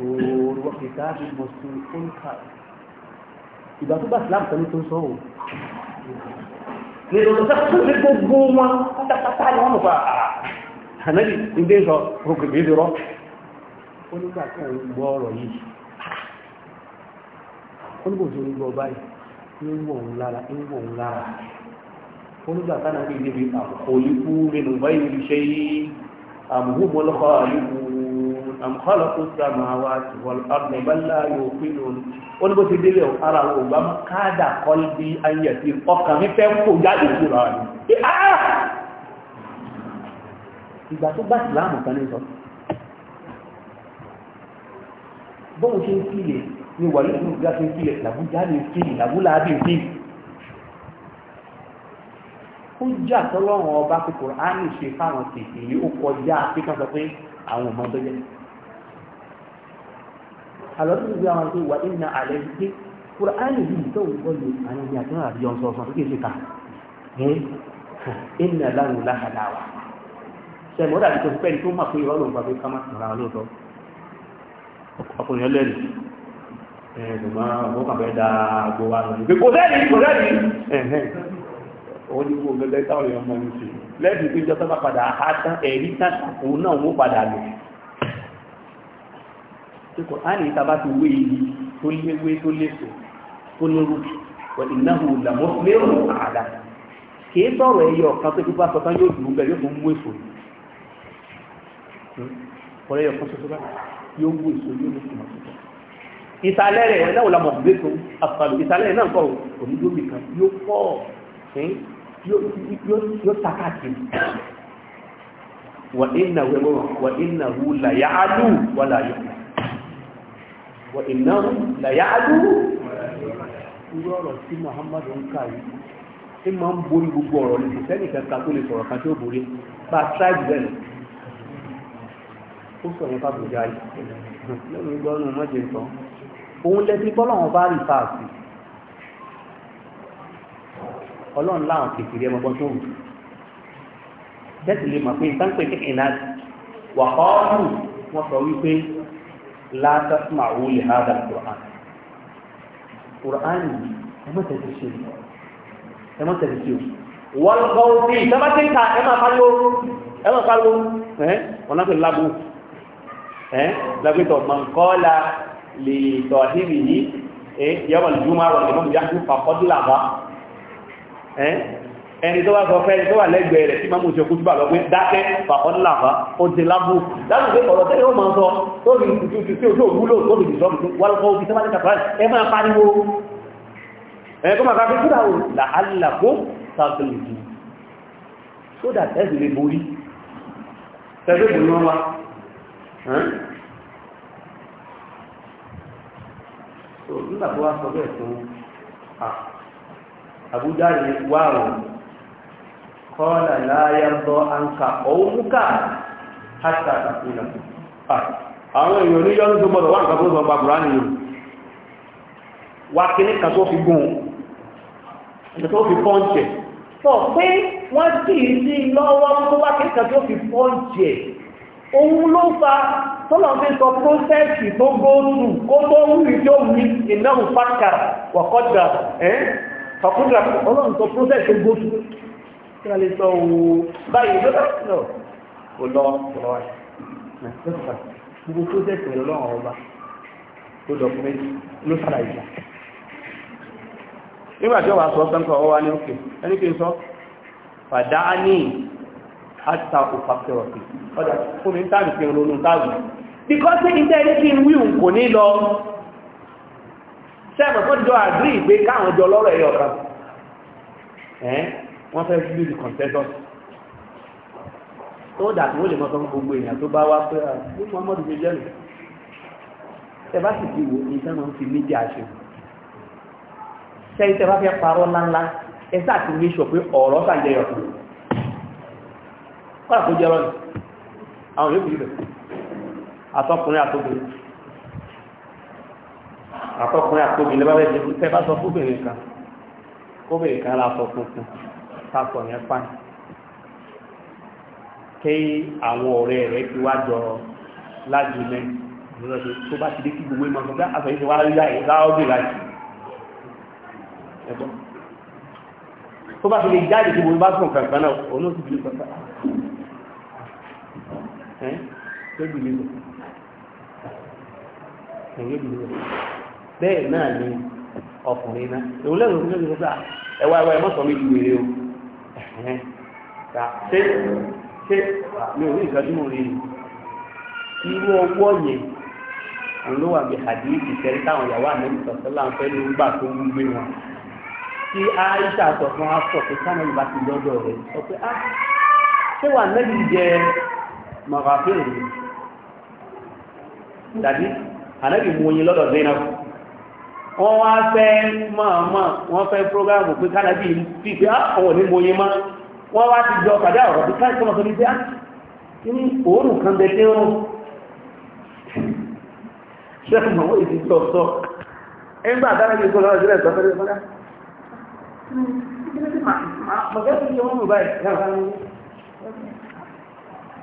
òòrùn wọ́pẹ̀ káàdì mọ̀sùn òǹkà ìgbà tó bá Islam tẹ́lẹ̀ tó ń sọ òun nínú sẹ́kùn ní gbogbo wọn pátápátá ni wọ́n mọ̀ fà á ànábì ń dé sọ ó nígbà tí òun gbọ́ ọ̀rọ̀ yìí ó nígbà tí òun gbọ́ báyìí ń wọ̀ òun lára ń wọ̀ òun lára ó nígbà tánà bí níbi àkókò ikú nínú báyìí ní ṣe yí àmúhùmọ́ lọ́kọ́ àlùkù àmúhálàkù sàmáwá tìwọ́n àgbẹ̀bálá yóò fi lòun ó nígbà tí délé ara wọn ò bá mú káàdà kọ́lí bí ayé ti ọkàn mi fẹ́ kó jáde kúrò àná ah! ìgbà tó bá ìsìlámù kan ní sọ bóun ṣe ń kílè ni wàlú ìlú ìgbà ṣe ń kílè làbújá lè kílè làbúlà á bè kílè ó jà tọ́lọ́run ọba pé kòránì ṣe fáwọn tètè yìí ó kọjá pé kán sọ pé àwọn ọmọ tó jẹ àlọ́tún ìgbà wọn pé wà nínú àlẹ́ pé kòránì yìí tó ń gbọ́ lè àwọn ìyá tó ń rà bíyọ̀ sọ̀sọ̀ tó ṣe kà ẹ́ ìnà láwùn láhàdáwà ṣẹ̀mọ́dà tó ọkùnrin ẹlẹ́rì ẹ̀ẹ́dùnmọ́ ọkàfẹ́ da agbo wa lọ ìgbé kò lẹ́rì kò lẹ́rì ẹ̀ẹ́ ó ní kó lẹ́lẹ́ táwọn èèyàn mọ́ ní sí lẹ́bí pé jọ́sọ́ bá padà á tán ẹ̀rí tán òun náà wó padà lò kíkọ́ á ní ìtaba ti wé iyì tó léwé tó lẹ́sọ̀ tó nírú wọ́n ìnáhùn làmọ́ lérò àdá kìí sọ̀rọ̀ ẹyọ kan tó kíkọ́ yóò wú èso yóò ní ìmọ̀ tuntun ìsàlẹ̀ rẹ̀ náà la mọ̀ gbé tó àfàlù ìsàlẹ̀ náà kọ̀ onídómi kan yóò pọ̀ yóò takàtì wà iná wẹ́wọ́ wà iná wú làyáàlú wà láyọ̀ wà iná làyáàlú irú ọ̀rọ̀ tí Muhammadu ń kà yìí tí máa ń borí gbogbo ọ̀rọ̀ ní sẹ́nìkan kan tó lè sọ̀rọ̀ kan tó borí bá a tíráìbù ó sọ̀rọ̀ bá bùjá yìí lẹ́yìn gbọ́nù mọ́jẹ̀ sọ òun lẹ́sí bọ́lọ́run bá rí fàásì ọlọ́run láwọn kìkìrì ẹmọgbọ́n tó wù bẹ́ẹ̀sì lè mọ̀ pé sáńpẹ̀ ní ìlà wà kọ́ọ̀rù wọ́n sọ wípé látàkùn àwọn olè hádà kùrán kùrán yìí ẹmọ́tẹ̀sí ṣe ẹmọ́tẹ̀sí ṣe wọ́n kọ́ òfin ìjọba tí ń lágbétọ̀ mọ̀nkọ́lá lè tọ̀hìrì yìí yọ́mọ̀ ìjúmọ̀ àwọn ìmọ̀ ìyájú fàkọ́dúlà wá ẹni tó bá sọ fẹ́ tó wà lẹ́gbẹ̀ẹ́ rẹ̀ tí máa mú ìṣẹ́kú túbà lọ pé dákẹ́ fàkọ́dúlà wá ó ti lábú láti pé ọ̀rọ̀ tẹ́lẹ̀ ó máa sọ tó fi tutù sí ojú òwúlò tó fi dìsọ́ fi wà lọ́kọ́ òbí sẹ́mà ní kàtàrà ẹ máa pariwo ẹ kó máa káfí kúrà ó làálà kó sàtìlì tó nígbà tó wá sọ bẹ́ẹ̀ fún àbújá yìí wà ó na láyá bọ́ àǹkà ọ̀húnmúkà hátà àkúnà àwọn èèyàn ní yọ́nù tó gbọ́dọ̀ wà nǹkan tó sọ gbàgbùrá nìyàn wà kí ní kan tó fi gùn tó fi pé wọ́n lọ́wọ́ tó wà kí ní tó fi òun ló fa tọ́lọ̀ fi sọ prósẹ́sì tó góòtù kó tó ń rí tí ó ní ìnáwó fàkà wàkọ́dà ẹ́n fàkúdà ọlọ́run sọ prósẹ́sì tó góòtù kí a lè sọ òun báyìí lọ́dọ̀ lọ kò lọ ọ̀rọ̀ wa gbogbo prósẹ́sì rẹ̀ lọ́rùn ọba tó dọ̀kúmẹ́tì ló sára ìjà nígbà tí ó wà sọ sẹ́ńkọ̀ ọwọ́ wa ní òkè ẹni kì í sọ àtà òfàfẹ́ ọ̀sẹ̀ ọ̀dà fún mi táàmì fi ronú táàmì because ní ìtẹ́ ilé kí n wí òun kò ní lọ sẹ́ẹ̀mọ̀ tó jọ àdúrí ìgbé káwọn jọ lọ́rọ̀ ẹ̀yọ kan ẹ́ wọ́n fẹ́ fi lùdì consensus tó dà tí wọ́n lè mọ́ sọ fún gbogbo èèyàn tó bá wá pé àwọn ah, Muhammadu fi jẹ́ nù ẹ bá sì ti wò ní sẹ́wọ̀n fi mídíà ṣe sẹ́yìn tẹ́ bá ọ̀rọ̀ sàjẹyọ̀ kan kọ́lá tó jẹ́ lọ́nà àwọn yóò kìí bẹ̀ àtọkùnrin àtọkùnrin àtọkùnrin àtọkùnrin lẹ́bàá bẹ́ẹ̀ jẹ́ pé bá sọ fúnbìnrin kan kóbìnrin kan la sọ funfun sàkọ̀ yẹn pa kí àwọn ọ̀rẹ́ rẹ̀ ti wá jọ lájú mẹ́ lọ́sọ̀ tó bá ti dé kí gbogbo ìmọ̀ sọ́gbà àtọ̀ yìí ti wá láyé láwọ́ bì láyé ẹ̀gbọ́n tó bá ti lè jáde kí gbogbo bá sùn kankan náà òun ó sì lójú lílo lójú lílo bẹ́ẹ̀ náà ni ọkùnrin náà èwo lẹ́nu lójú lílo gbà ẹ̀wá ẹ̀wá ẹ̀mọ́sọ̀ mi ah, ju wèrè o ṣe ṣe mi ò rí ìtọ́jú mò rí ni irú ọwọ́ yẹn ló wà bí hadithi tẹ́lẹ̀ táwọn ìyàwó àmẹ́lì sọ̀tọ́lá ń fẹ́ ló ń gbà tó ń gbé wọn tí aisha sọ fún afọ pé sáwọn ìbá ti lọ́dọ̀ rẹ̀ sọ pé ah, magafin dàbí ànábì mú oyin lọ́dọ̀ Zainab wọ́n wá fẹ́ mọ́ọ̀mọ́ wọ́n fẹ́ prógámù pé kánàbí fi pé àwọn ah, ní mú oyin mọ́ wọ́n wá ti jọ kàdá ọ̀rọ̀ bí káàkiri ọmọ tó ní pé á ní ah, òórùn kan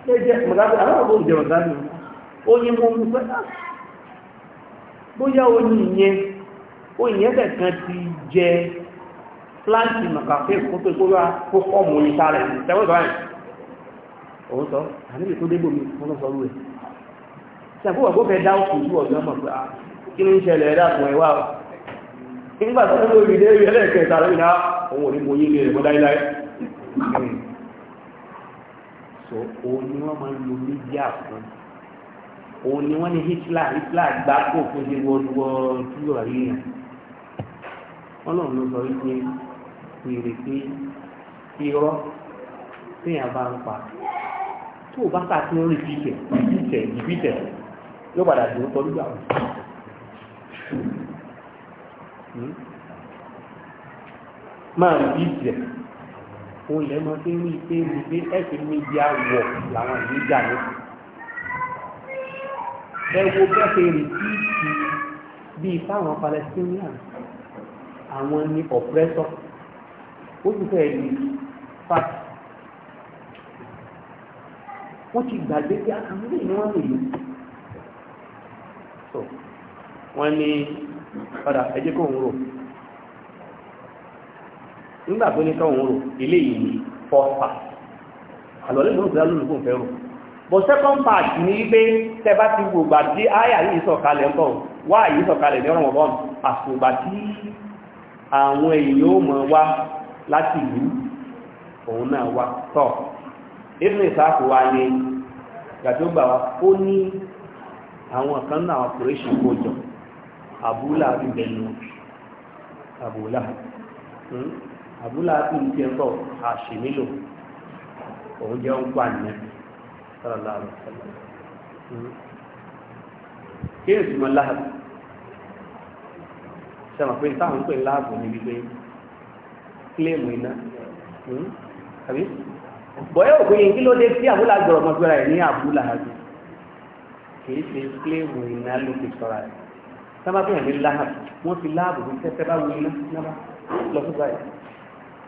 ṣe jẹ́ mọ̀gábí aláwọ̀ jẹ́ mọ̀gábí oyin mọ́ mú pẹ́ ah, bóyá oyin ìyẹn oyin ẹ̀bẹ̀ kan ti jẹ pláǹtì mọ̀kàfẹ́ fún pé kó wá kó kọ́ mú ní sáré tẹ́wọ́ ìbáyìí òun sọ àníbi tó dégbò mi wọ́n tó sọ rú ẹ̀ tí àkókò àkókò fẹ́ dá òkú ju ọ̀dọ́ mọ̀ pé ah, kí ní ń ṣẹlẹ̀ ẹ̀dá fún ẹwà lórí náà òun ò ní mo yí ilé rẹ̀ mọ́ láíláí sọ òun ni wọ́n máa ń lo mídíà fún òun ni wọ́n ní Hitler Hitler gbá kó fún ṣe wọ́n wọ́ túwọ̀ rí yẹn wọ́n lòun ló sọ wípé wèrè pé irọ́ téèyàn bá ń pa tó o bá kà sí orí bíkẹ̀ bíkẹ̀ ìbíkẹ̀ yóò padà dùn tọ́ nígbà wọn hmm? máa rí bíkẹ̀ òun lè mọ sí ní ìpè ìgbé ẹ̀sìn mídíà wọ̀ làwọn ìlú jà ní. ẹ wo bẹ́ẹ̀ rí tíìtì bíi fáwọn Palestinian àwọn ní oppressor ó sì fẹ́ rí fact wọ́n ti gbàgbé pé àwọn ni wọ́n lè lò wọ́n ní padà ẹjẹ́ kò ń rò nígbà tó ní káwọn rò ilé yìí fọ́fà àlọ́lẹ́ ìlú ìdá lónìí kò fẹ́ rò bọ̀ second part ní wípé tẹba ti gbogbo àti àyà yìí sọ̀kalẹ̀ ńkọ̀ wá yìí sọ̀kalẹ̀ ní ọ̀rọ̀ ọ̀bọ̀n àsùgbà tí àwọn èèyàn ó mọ̀ wá láti ìlú òun náà wá tọ̀ inú ìsáàkù wa ni gàtí ó ó ní àwọn kan náà operation kó àbúlà ìbẹ̀nu àbúlà àbúlà tí ń tiẹ̀ kọ́ àṣì nílò òun jẹ́ ń pa nìyẹn sallallahu alaihi wasallam kí èsì mọ láàbù sẹ́wọ̀n pé táwọn ń pè láàbù níbi pé kílèmù iná hmm? àbí bọ̀yẹ́ òkú yìí kí ló dé sí àbúlà gbọ̀rọ̀ mọ́gbẹ́ra ẹ̀ ní àbúlà àbí kìí ṣe kílèmù iná ló fi sọ̀rọ̀ ẹ̀ sábà fi hàn ní láàbù wọ́n fi láàbù ní tẹ́tẹ́ bá wọ náà lọ báyìí.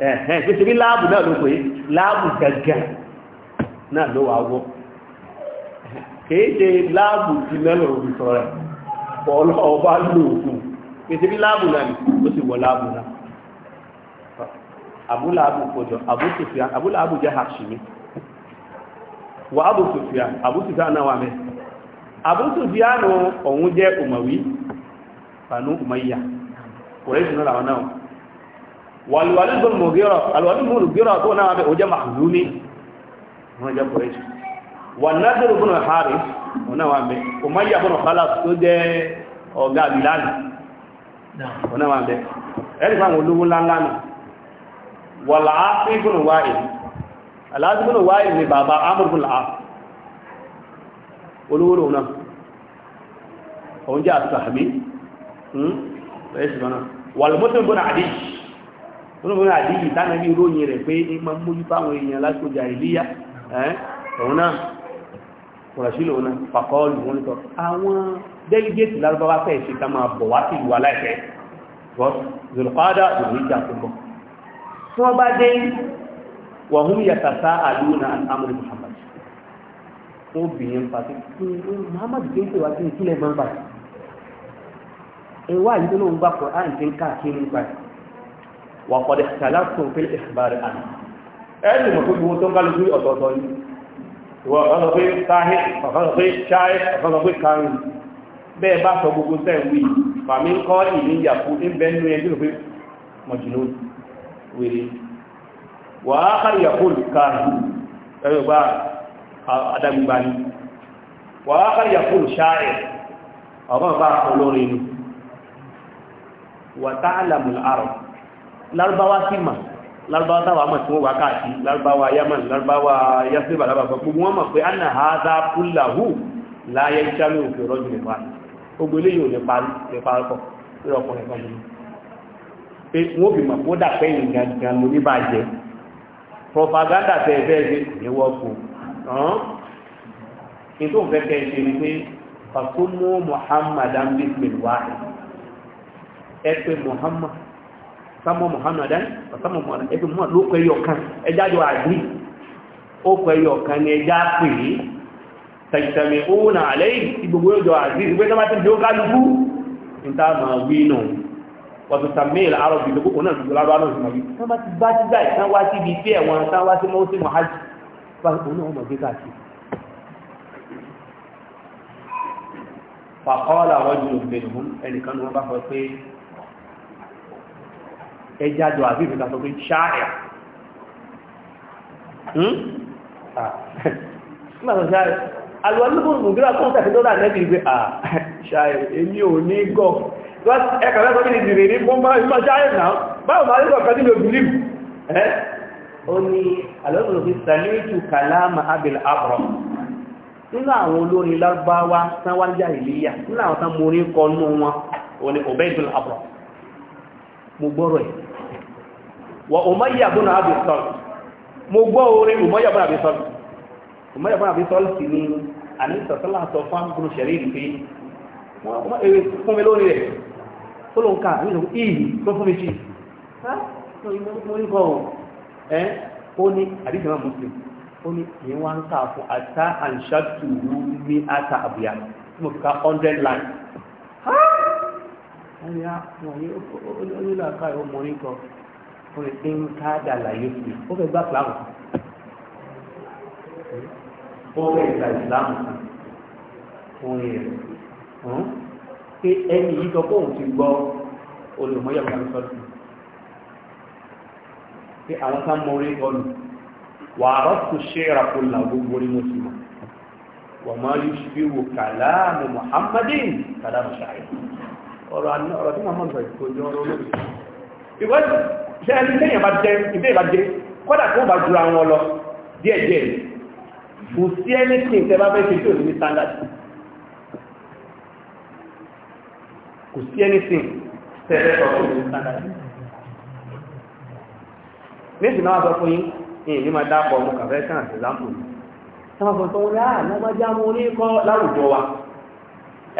ẹ̀hẹ́n pé ṣebí láàbù náà ló pé láàbù gàgà náà ló wà wọ́ kéèṣe láàbù ti mẹ́lọ̀ òbí sọ rẹ̀ bọ́ọ̀lọ́ ọba na pé ṣebí láàbù náà ó sì wọ láàbù náà abu kọjọ abúláàbù jẹ́ hàṣìmí wà ábù sòfíà àbù والوليد بن المغيرة الوليد بن المغيرة هو نعم وجاء محزوني هو جاء قريش والنذر بن الحارث هو نعم أمية بن خلف وجاء ọ̀gá bìláàlì ọ̀nà wà bẹ́ ẹ̀rì fáwọn olówó ńláńlá nù wà láàáfí gúnnù wáyé aláàfí gúnnù wáyé ni bàbá amúrùkún láàáfí olówó lòun náà òun jẹ́ àtàbí ẹ̀ẹ́sì náà wà lọ́mọ́tún bọ́nà àdíjì olóògbé àdíyì tánàbí ròyìn rẹ̀ pé ní ma mójú fáwọn èèyàn lásìkò jàìlíyà òun náà kùrọ̀sí lòun náà pàkọ́ọ̀lù wọn nítọ́ àwọn délégéètì lárúbáwá fẹ́ ṣe ká máa bọ̀ wá sí ìlú aláìfẹ́ zolùkọ́dá òun ìjà tó bọ̀ tí wọ́n muhammad obìnrin pàtó muhammad tó ń pè wá sí ìkílẹ̀ gbọ́ngbà ẹ̀wá yìí tó lóun gbà kọ́ àǹtí káàkiri gbà yìí wà kọ́ dẹ̀kàlá tó fi ìfàbàrẹ̀ àná ẹni mọ̀ tó gbogbo tó ń kálukú ọ̀tọ̀ọ̀tọ̀ yìí ìwọ ọ̀sán pé táhì ọ̀sán pé ṣáì ọ̀sán pé karùn bẹ́ẹ̀ bá sọ gbogbo tẹ́ wí fàmí ń kọ́ ìlú ìyàpò ń bẹ́ nínú ẹni fi mọ̀jùlọ wèrè wà á kárí ìyàpò karùn ẹ̀rọ gba adágbègbà ni wà á kárí ìyàpò ṣáì ọ̀gọ́n bá sọ lórí ni lárúbáwá sí mà lárúbáwá táwà mọ̀ tí wọ́n wà káàkiri lárúbáwá yaman lárúbáwá yaseba lábàbà gbogbo wọn mọ̀ pé anna haza kullahu láyé ìṣàmì òfin rọ́jù nípa gbogbo eléyìí ò nípa nípa ọkọ̀ lọ́kùnrin kan nínú pé wọ́n fi mọ̀ kó dàpẹ́ yìí gangan ló ní bàjẹ́ propaganda tẹ ẹ bẹ́ẹ̀ ṣe ní wọ́pọ̀ ní tó fẹ́ kẹ́ ṣe ni pé fàtúmù muhammadan bísmìlwáhì ẹ pé muhammad sámọ́ muhammadan sámọ́ muhammadan ẹgbẹ́ muhammadan ló kọ ẹyọ kan ẹjá jọ àgbì ó kọ ẹyọ kan ní ẹjá pè é tẹ̀sítẹ̀mì òun àlẹ́ yìí tí gbogbo ẹjọ àgbì ìgbé tó bá ti di ó kálukú ní tá a máa wí nù wọ́n ti sàmì ìlà àrọ̀ bìí lókòkò náà lókòkò lábá náà sùnmọ́ bí wọ́n bá ti bá ti gbà ìtàn wá síbi tí ẹ̀wọ̀n tán wá sí mọ́sí mọ́hájì bá òun náà mọ̀ gbé káàkiri wọ́n jù ẹnìkan ni wọ́n bá sọ pé ẹja jọ àbí ìfẹ́ sọ pé ṣáàrẹ̀ alùwàlúgbùn nìgbìrà tó ń tẹ̀sí tó dáa nẹ́bí ìgbé ṣáàrẹ̀ èmi ò ní gọ́ ẹkà lẹ́sọ́ bí i dìrì ní fún máa ṣáàrẹ̀ náà báwo máa lẹ́sọ̀ kan nílò bìlìf ó ní alùwàlúgbùn fi abil abram nínú àwọn olórin lágbáwá sáwájá ìléyà nínú àwọn tán mo rí kọ nú wọn òní òbẹ́ ìdúlọ̀ abram mo gbọ́rọ̀ wa umayya bin abi salt mo gbọ́ orin umayya bin abi salt umayya bin abi salt sì ni àní sọ̀tọ́lá sọ fún àbúrò ṣẹ̀rí ìpè wọ́n èrè fún mi lórí rẹ̀ tó ló ń ka àmì ìṣòwò ìyí tó fún mi sí mo ní kọ́ ẹ̀ ó ní àdìsí náà muslim ó ní ìyẹn wá ń kà fún ata àǹṣàtù wú ní ata àbúyá hundred line ẹni á wọ̀nyí ó ní làákàyọ̀ mọ̀ ní ó lè pé ń ká dàlà yóò fi ó fẹ́ gbà fìlàmù ó fẹ́ gbà fìlàmù òun yẹ pé ẹni yìí sọ pé òun ti gbọ́ olùmọ̀yà kan sọ́dún pé àwọn kan mọ orí bọ́ọ̀lù wà á rọ́pò ṣe é rapò làwọn orí mọ̀sùlùmọ̀ wọ́n máa yóò ṣe wò kàlámù muhammadin kàlámù ṣáà ọ̀rọ̀ àná ọ̀rọ̀ tí màmá ń sọ ìkọjọ́ ọ̀rọ̀ olóògbé ìwádìí ṣẹ́rí lẹ́yìn bá jẹ́ ìdé ìbá jẹ́ kọ́dà tó bá jura wọn lọ díẹ̀díẹ̀ kò sí ẹni tí ìtẹ́ bá fẹ́ ṣe tí ò ní standard kò sí ẹni tí tẹ́lẹ̀ ọ̀rọ̀ ní standard méjì náà sọ fún yín ìyìn ní máa dápọ̀ ọmọ kàfẹ́ kàn sí example sáwọn tó wọlé àà lágbájá mo ní kọ́ láwùjọ wa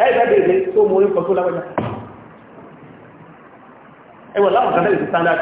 ẹgbẹ́ tó mo ní kọ́ tó lágbájá ẹwọ̀ láwùjọ náà lè ti standard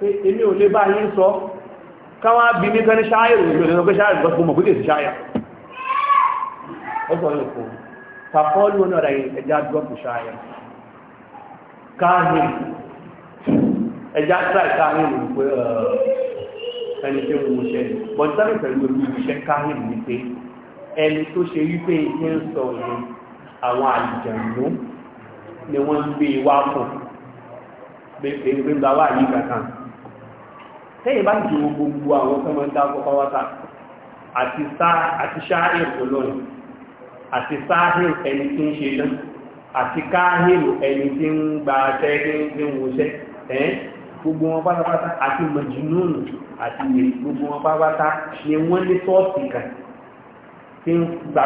pé èmi ò lè bá yín sọ káwọn bí ní sẹ́ni ṣááyìrò ìgbèrè lọ pé ṣááyìrò gbọ́sùn mọ̀ pé ṣááyà ọ̀sọ̀ lè kó tàkọ́lù ọ̀nà rẹ̀ ẹja gbọ́sù ṣááyà káàmì ẹja sáì káàmì ló pé ẹni tí ó mú iṣẹ́ bọ̀dítàmì pẹ̀lú olú iṣẹ́ káàmì ní pé ẹni tó ṣe wípé iṣẹ́ ń sọ ìyẹn àwọn àlùjànnú ni wọ́n ń gbé wá fún gbẹ̀gbẹ̀ ń gbà wá yìí kankan tẹ́yìn bá jù gbogbo àwọn tó máa ń dákọ́ pàwátà àti ṣáàrìn olórin àti ṣáàrìn ẹni tí ń ṣe lọ́n àti káàrìn ẹni tí ń gba tẹ́rin wòṣẹ́ ẹ́n gbogbo wọn pátápátá àti mọ̀jìnúnù àti ìrì gbogbo wọn pátápátá ni wọ́n lé tọ́ọ̀sì kan tí ń gba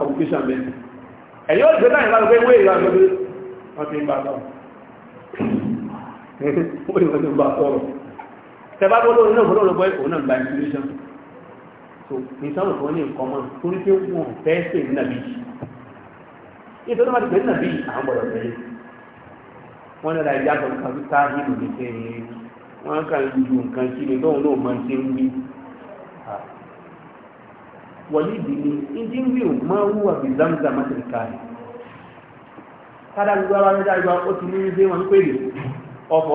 communication mẹ́sì ẹ̀yọ́ ìgbé náà ìlànà ti ń bá sọ̀rọ̀ tẹ́bá tó lóòrùn náà lóòrùn bọ́ ìkòwò náà gba information so ìsọ́nù kan ní nǹkan mọ́ torí pé wọn fẹ́ ṣe ní nàbí ìtọ́jú máa ti pè ní nàbí àwọn gbọ́dọ̀ tẹ̀lé wọ́n ní ọ̀dà ìjà tó nǹkan tó tá nínú mi ni wọ́n kà ń ju nǹkan sí mi lóhùn náà máa ni ìdí ń wí ò máa ń wúwà bí zamzam máa ti ń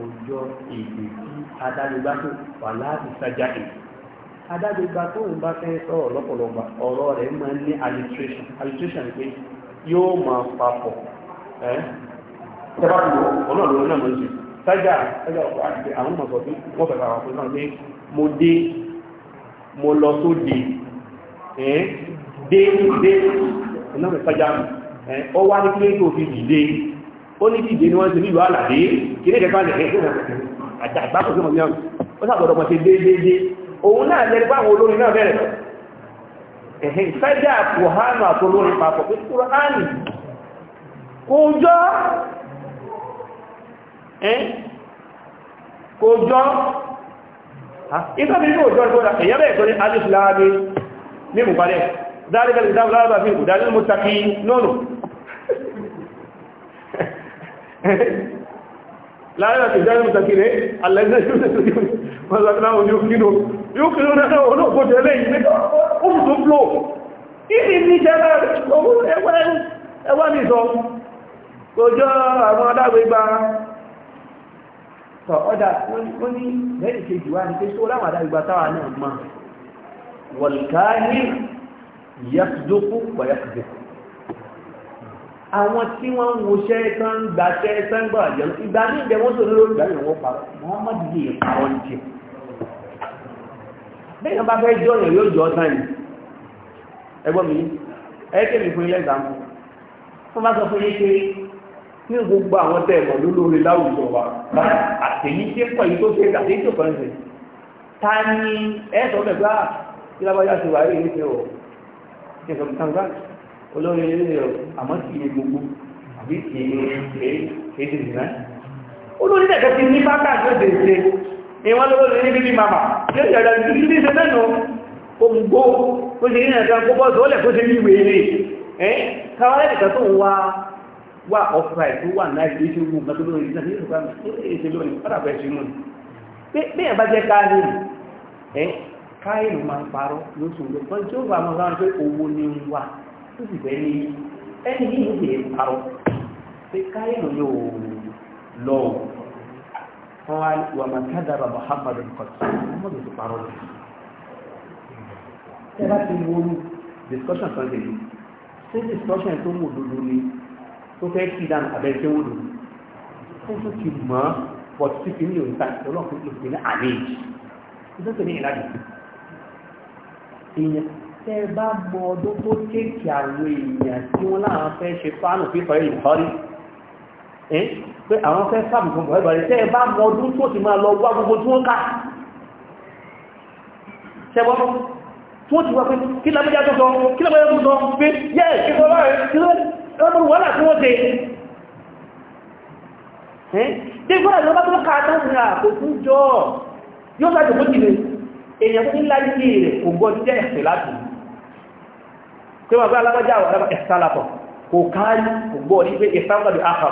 òjò èdè tí adágbégbá tó wà láàbì sájà e. adágbégbá tó ń bá fẹ́ sọ̀rọ̀ lọ́pọ̀lọpọ̀ ọ̀rọ̀ rẹ̀ máa ń ní alliteration pé yóò máa papọ̀ ẹ́ tẹ́bá ọ̀nà lórí náà lóṣù sájà sájà ọ̀pọ̀ àti àwọn ọmọ sọ̀tún wọ́n fẹ́ ó ní dìde ni wọ́n ti nílùú àlàdé kìíní kẹta nìyẹn àgbà kò sí ọmọ mìíràn ó sàgbọ̀dọ̀ pọ̀ sí déédéé òun náà lẹ́nu bá àwọn olórin náà bẹ̀rẹ̀ ẹ̀hìn sájà kùhánù àtolórin papọ̀ pé kúránì kò jọ kò jọ ìtàbí ní òjò ìgbòdà èyàn bẹ̀rẹ̀ tó ní alìsìláàbí ní mùparẹ́ dárígẹ̀lì dárígẹ̀lì dárígẹ̀lì mùtàkì lónìí láàrín àti ìjáyé mùsàkìrẹ́ alẹ́gbẹ́ kòjọ́ àwọn adágbégbà tọ̀ ọ́dá wọ́n ní lẹ́yìn kejì wá ní pé só láwọn adágbégbà táwà náà máa wọ̀lkáyí yàtùdókú pàyàtùdókú àwọn tí wọ́n ń woṣẹ́ tán ń gbaṣẹ́ tán ń gbà jẹun ìgbà ní ìgbẹ́ wọ́n tó lórí ìgbà yìí wọ́n parọ́ Muhammad yìí parọ́ ní tiẹ̀ bẹ́ẹ̀ náà bá fẹ́ jọ yẹn yóò jọ tán yìí ẹgbọ́n mi ẹ kéde fún ilé ìgbà mú wọ́n bá sọ fún yín pé ní gbogbo àwọn tẹ̀ ẹ̀mọ́ lólórí láwùjọ wa àtẹ̀yí tí pọ̀ yìí tó ṣe àtẹ̀yí tó kàn ṣe ta ni ẹ̀ sọ mẹ́gbà ah, kí lábájá ti wà olórí ilé ọ̀ àmọ́ sí iye gbogbo àbí sí èdè ìrìnà olórí ìdẹ̀kẹ́ ti ní bá káàkiri ó dèrè ṣe ìwọ́n lówó lórí bíbí màmá yóò ṣe ọ̀dọ̀ ìdílé ní ìṣẹ́ mẹ́nu òmùgbó ó ṣe ìrìnà kan kó bọ́ọ̀sù ó lẹ̀ kó ṣe ní ìwé eré ẹ́ káwálẹ̀ nìkan tó ń wá wà ọ̀fra ẹ̀ tó wà náà ìdílé ṣe wù nǹkan tó lórí ìdílé ní ìṣẹ́ mẹ́nu ó ṣe lórí tó sì fẹ́ ní ẹni yìí ló bèèrè parọ́ pé káyé ló yóò lọ wọn wá wà máa ká dára Muhammad kọtù Muhammad tó parọ́ lọ tẹ́ bá ti wọ́n discussion kan lè lò ṣé discussion tó mú òdodo ni tó fẹ́ kí dànù abẹ́jẹ́ wò lò ó tún ti mọ́ pọ̀tù tí kìíní yóò ń ta ìtọ́lọ́kùn ìpínlẹ̀ àlejò ìdókòwò ní ìlànà ìyẹn tẹ́ ẹ bá mọ ọdún tó kéèkì àwọn èèyàn tí wọ́n láwọn fẹ́ ṣe fánù fífọ́ ìlú kọ́rí pé àwọn fẹ́ sáàbù fún bọ̀ ìbàrí tẹ́ ẹ bá mọ ọdún tó ti máa lọ wá gbogbo tí wọ́n ká ṣẹgbọ́n tí wọ́n ti wá pé kí lábẹ́já tó sọ kí lábẹ́já tó sọ pé yẹ́ ìṣẹ́gbọ́n láàrin kí lọ́dún láti tí wọ́n gbá alágbájá àwọn alágbájá ìsálàpọ̀ kò kárí kò gbọ́ ní pé ìsáwọ́gbàdì àkà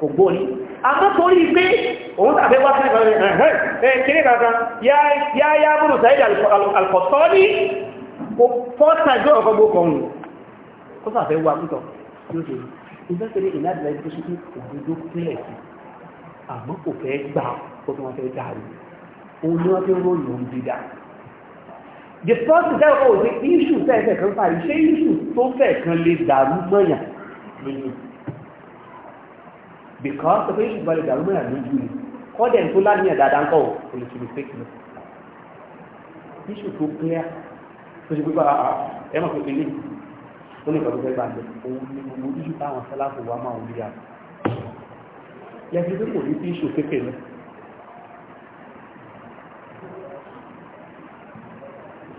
kò gbọ́ ní akọ́kọ́rí pé òun tàbí wá sí ìkiri kankan yá yá búrú sáyé alkọ̀tọ́ ní kò fọ́ta ìjọ ọ̀kọ́ gbó kan kó sàfẹ́ wà nítọ̀ yóò ṣe ìfẹ́fẹ́lẹ́ ìlàdìlà ìgbó sí òdodo pẹ́lẹ̀ sí àmọ́ kò fẹ́ gbà ó tó the first time ó ṣe iṣu tẹ́ẹ̀fẹ́ kan fà iṣẹ́ iṣu tó fẹ́ kan lè dàrú mọ́yà because of iṣu bá lè dàrú mọ́yà lójú ni kọ́dẹ̀ tó láníyàn dáadáa ń kọ́ olùsùn mistake ni iṣu tó clear tó ṣe pípa ẹmọ tó ṣe ní ó ní ìkọ̀tọ̀ fẹ́ gbàgbé òun ni gbogbo iṣu táwọn sẹ́láfò wa máa ń rí à lẹ́sìn tó kò ní sí iṣu kékeré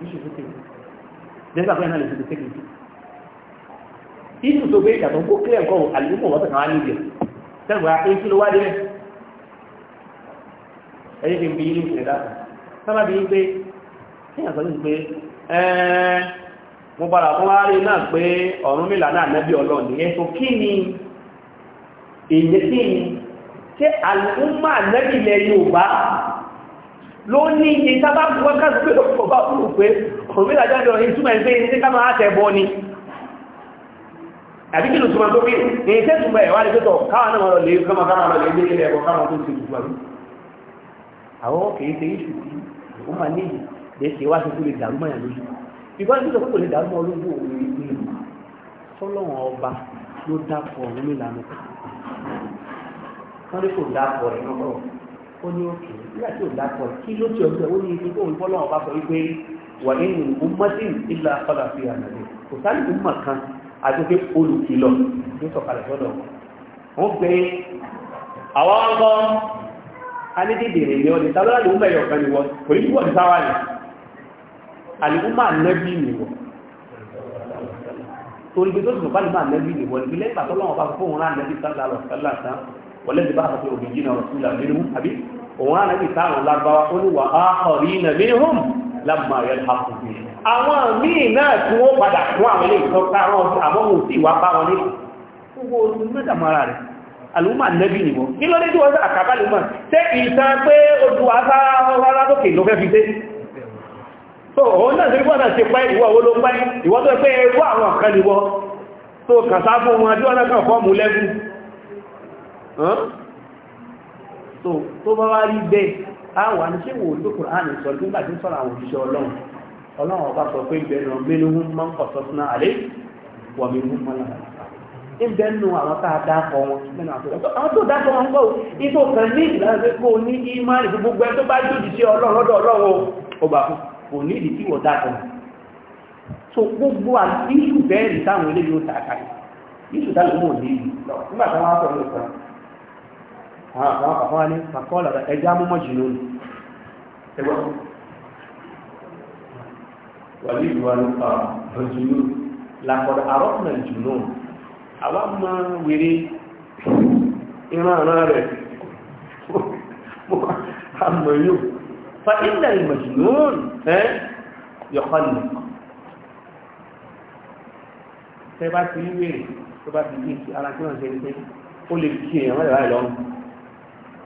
iṣu tó kéwì dẹ́gbà pé náà lè fi tó kéwì iṣu tó gbé ìyàtọ̀ kó kílẹ̀ nǹkan àlùmọ̀ wọ́n tẹ̀ka wá ní ibẹ̀ sẹ́gbà pé kí ló wá dé ẹ̀yẹ́ fi ń bi ilé ìṣẹ̀dá sábà bí pé kí àtọ́ ní pé mo padà fún wá rí náà pé ọ̀run mìlá náà nẹ́bí ọlọ́run nìyẹn tó kí ni èyí kí ni ṣé àlùmọ̀ nẹ́bí ilẹ̀ ló ní iye sábà wọ́n ká pé ọba fúrù pé òmìnira jáde ọ̀rẹ́ túnmọ̀ ẹgbẹ́ ní ká máa tẹ̀ bọ́ ni àbí kí ló túnmọ̀ tó bí ní iṣẹ́ túnmọ̀ ẹ̀wà ní pẹ́tọ̀ káwọn náà lọ lè kọ́mọ káwọn lọ lè ní ilẹ̀ ẹ̀kọ́ káwọn tó ti dùgbà lù àwọn kìí ṣe iṣu tí ó máa ní ìdẹ́sẹ̀ wá sí tó lè ó ní òkè nígbà tí ò dákọ̀ kí ló ti ọ̀gbẹ́ ó ní ibi tó ń bọ́ lọ́wọ́ bá sọ wípé wà ní ìlú ummatin illa kọ́lá fi àmàlẹ́ kò sáré ìmọ̀ kan àti pé olùkìlọ̀ ló sọ̀kalẹ̀ sọ́dọ̀ wọn pé àwọn ọkọ anídìdìrì ni ọdún tàbí láti umar ẹ̀yọ̀ kan ni wọ́n kò ní wọ́n sáwà ní àlùkùmá nẹ́bí ni wọ́n torí pé tó sì mọ̀ bá nẹ́bí ni wọ́n ìpínlẹ̀ ìgbà tó lọ́wọ́ bá fún òun rán nẹ́bí sálà wọlẹ́dì bá àti òbí jìnà rọ̀súlà mínú àbí òun á nàbí táwọn lágbára ó ní wà á ọ̀rí ìnà mínú lámà rẹ̀ hapun bí àwọn míì náà tí wọ́n padà fún àwọn ilé ìtọ́ káwọn àwọn ohun tí ìwà bá wọn ní gbogbo oṣù mẹ́ta mara rẹ̀ àlùmà nẹ́bí nìwọ̀n kí ló dé tí wọ́n àkàbà lè mọ̀ ṣé kan nìwọ́ tó lẹ́gùn tó bá wá rí bẹ́ẹ̀ àwọn àníṣẹ́ wò ló Kùránì sọ nígbà tí sọ́rọ̀ àwọn òṣìṣẹ́ ọlọ́run ọlọ́run ọba sọ pé ìbẹ̀rẹ̀ mẹ́nu hún máa ń kọ̀sọ́ sínú àlẹ́ wọ̀ mí hún mọ́ lára ìbẹ̀nu àwọn tá a dákọ̀ wọn mẹ́nu àtọ́jọ́ àwọn tó dákọ̀ wọn kọ́ ipò kan ní ìlànà kó ní ìmáàlì gbogbo ẹ tó bá jòjì sí so gbogbo àti ìṣù bẹ́ẹ̀rì táwọn eléyìí ó ta kàrí ìṣù táwọn ò ní ìlú lọ nígbà táwọn àwọn àpapọ̀ ní kàkọ́ọ̀lá ẹja mọ́mọ́ jù lónìí ẹgbẹ́ wà ní ìlú àlùkà bọ̀jùlù làkọ̀dọ̀ àrọ́pìnà jù lónìí àwọn mọ́ wèrè ìran àrán rẹ̀ àmọ̀ yóò fa ilẹ̀ ìmọ̀jù lónìí ẹ́ yọ̀kọ́lù tẹ́ bá ti rí wèrè tó bá ti kí ara kí wọ́n ṣe pé ó lè kí èèyàn mọ́lẹ̀ báyìí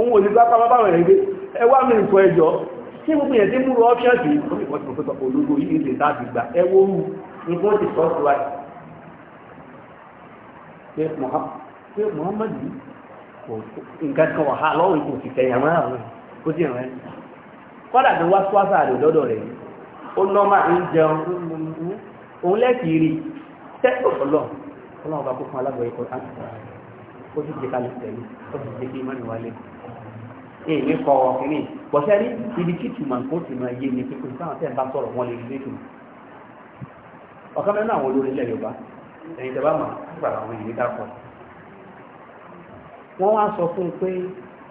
òun ò ní bá pápá báwọn ẹ̀rẹ́ ẹwà mi nǹkan ẹjọ́ tí gbogbo yẹn tí múrò ọ́fíọ̀sì ológo yìí lè láti gbà ẹwọ́rù nǹkan ti sọ sí wáyé pé Muhammad yìí nǹkan kan wà á lọ́wọ́ ìkò sì tẹ̀yà máa rẹ̀ kó sì rẹ̀ kọ́dà tó wá sọ́sà rẹ̀ lọ́dọ̀ rẹ̀ ó nọ́mà ń jẹun òun lẹ́kìrì tẹ́ ọ̀pọ̀lọ́ ọlọ́run bá kó fún alágbọ̀ẹ́ kọ́ àti kó sì jẹ́ ká lè tẹ̀lé kó sì jẹ́ kí mọ́ni wálé èyí ní kọ ọ kìíní bọ̀sẹ̀ rí ibi tí tùmọ̀ kó ti yé ni pípé táwọn tẹ̀ ń bá sọ̀rọ̀ wọn lè rí létò ọ̀kan mẹ́rin àwọn olórí ilẹ̀ Yorùbá ẹ̀yìn tẹ̀ bá mọ̀ nígbà àwọn èyí dákọ̀ wọ́n wá sọ fún un pé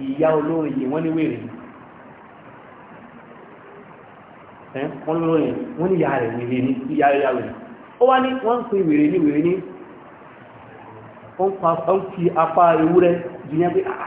ìyá olórin yìí wọ́n ní wèrè wọ́n lórin wọ́n ní ìyá rẹ̀ wèrè ní ìyá rẹ̀ wèrè ó wá ní wọ́n ń pè wèrè ní wèrè ní wọ́n ń fi apá ewúrẹ́ jù ní ẹgbẹ́ àà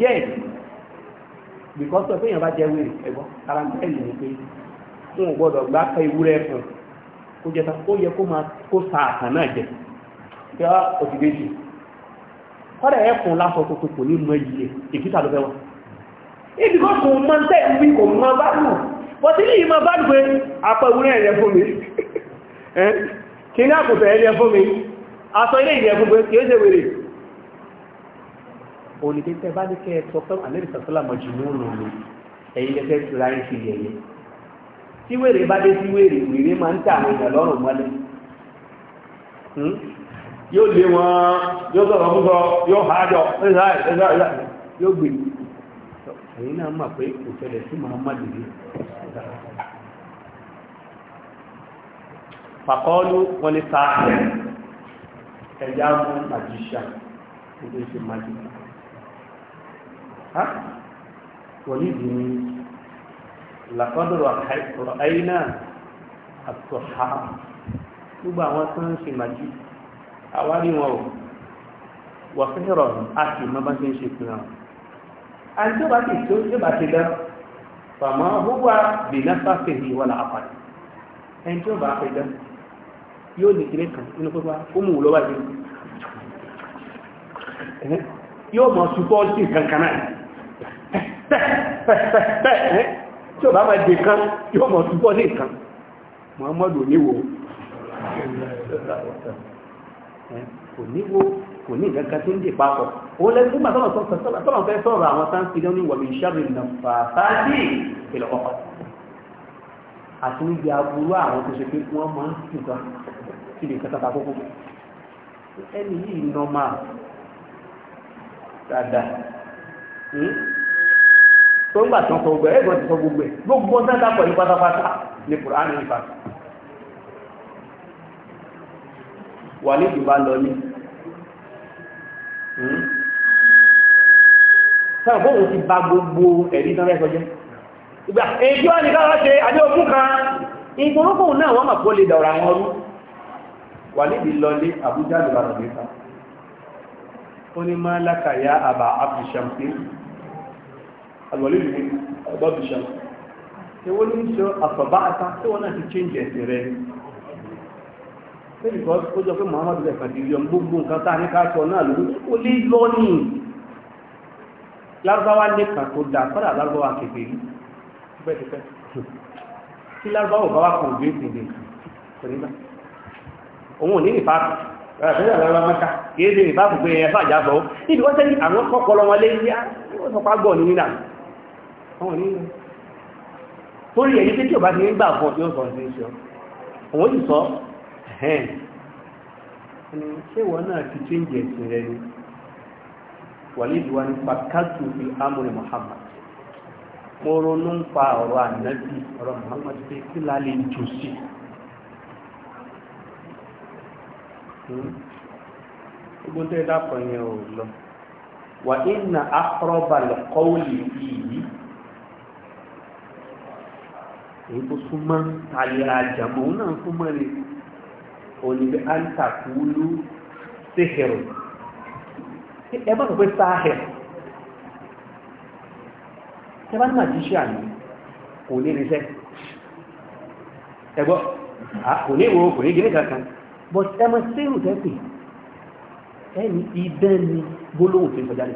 yes because ọ̀pẹ́ èèyàn bá jẹ́ wèrè ẹ̀gbọ́n ara ń tẹ́lẹ̀ ní pé wọn ò gbọ́dọ̀ gbá ka ewúrẹ́ fún kó jẹ́ ó yẹ kó máa kó sa àtàn náà jẹ kí wọ́n òsì méjì kọ́dà ẹ̀ fún lásọ tuntun kò ní mọ iye èkìtà ló fẹ́ wọn. ibi kan kò mọ tẹ́ ìwé kò mọ bá lù wọ́n ti ní ìmọ̀ bá lù pé apá ewúrẹ́ ẹ̀yẹ fún mi eh? kí ní àkùtà ẹ̀yẹ fún mi aṣọ ilé ìyẹ fún mi kì í ṣe wèrè onídẹ́tẹ́ bá ní kẹ́ ẹ sọ pé àlẹ́ ìsàtọ́là mọ̀jù ní òun lòlò ẹ̀yin lẹ́fẹ́ tura ń fi yẹ̀yẹ́ tí wèrè bá dé sí wèrè wèrè máa ń tà àwọn èèyàn lọ́rùn mọ́lẹ̀ hmm? yóò lé wọn yóò sọ̀rọ̀ fún sọ yóò há jọ yóò gbè ẹ̀yin náà mọ̀ pé kò tẹ̀lẹ̀ sí Muhammadu yìí fàkọ́ọ́lù wọn ni sáà ẹ̀yà mú màjíṣà nítorí ṣe májíṣà wọlé ìdùnnú làkọ́dọ̀rọ̀ àìná àtọ̀há gbogbo àwọn tó ń ṣe màjí àwárí wọn ò wà fẹ́rọ̀ àti ìmọ̀ bá ṣe ń ṣe pìnà àti tó bá ti tó tó bá ti dán fàmọ́ gbogbo àbìnáfà fèrè wà láàpàdé ẹni tó bá fẹ́ dán yóò ní kiri kan nínú pípa ó mú lọ́wọ́ yóò mọ̀ supọ́ọ̀tì kankan náà pẹ́ẹ̀pẹ́ẹ̀pẹ́ tí ó bá máa dé kan yóò mọ̀ túbọ̀ ní nǹkan Muhammadu oníwo kò níwo kò ní ìgbẹ́ka tí ń dè papọ̀ ó lẹ́nu nígbà tọ́nà tọ́nà fẹ́ sọ̀rọ̀ àwọn tán fi lọ́nà ìwọ̀mí ìṣàbí nàfà sáájì ìpìlẹ̀ ọkọ̀ àti níbi aburú àwọn tó ṣe pé wọ́n máa ń tùgbà sí lè kẹta kókó ẹni yìí nọ́mà dáadáa hm? tó ń gbà tán sọ gbogbo ẹ̀ ẹ̀gbọ́n ti sọ gbogbo ẹ̀ gbogbo ọ̀sán ká pẹ̀lú pátápátá ní Kùránì nípa. wàlí ìdìbò lọ ní. Hmm? sáà fún òun ti ba gbogbo ẹ̀rí tán fẹ́ sọjẹ́. ìgbà èyí wà ní káwá ṣe àdé ogún kan ìgbòrókòun náà wọ́n mà kó lè dọ̀rọ̀ àwọn ọdún wàlí ìdìbò lọ ní Àbújá lọ́rọ̀ nípa. ó ní máa lákàyà àbà àbùsàmùsí alwalidu ni babu shak ewo ni ń sọ àfàbà ata tí wọn náà ti change ẹsẹ̀ rẹ̀ pẹ̀lú kọ́ ó jọ pé muhammadu rẹ̀ kàdìrí ọmọ gbogbo nǹkan tá a ní ká sọ náà ló ó lé lọ́nì lárúbáwá nìkan tó dáa kọ́dà lárúbáwá kékeré pẹ́ẹ́pẹ́ tí lárúbáwá bá wà kàn gbé ìpínlẹ̀ kò ní bá òun ò ní ìfàkì ẹ̀rẹ́dẹ̀ lọ́rọ̀ mẹ́ta kìí ṣe ìfàkì pé ẹ̀fà àjábọ̀ níbi wọ́n tẹ́lẹ̀ àwọn kọ́kọ́ lọ́wọ́ lé àwọn onílò torí ẹni pé tí ọba ti ń gbà fún ọdún ọ̀sán ní sọ òun sì sọ ẹni ṣé náà ti ni ní pàkátù fi Muhammad mo ronú ń pa ọ̀rọ̀ ànábì ọ̀rọ̀ Muhammad pé kí la lè jù sí hmm? gbogbo tẹ́ dápọ̀ yẹn ò lọ wà na yìí èyí tó súnmọ́ àlè àjàmọ́ òun náà súnmọ́ ni òníbi antakulu sihiru ẹ bá sọ pé sáhìr ẹ bá ní màjíṣẹ́ àná kò ní irinṣẹ́ ẹgbọ́ kò ní ìwò kò ní gíní kankan but ẹ mọ sírù tẹ́pì ẹni idán ni gbólóhùn tí ń sọ jáde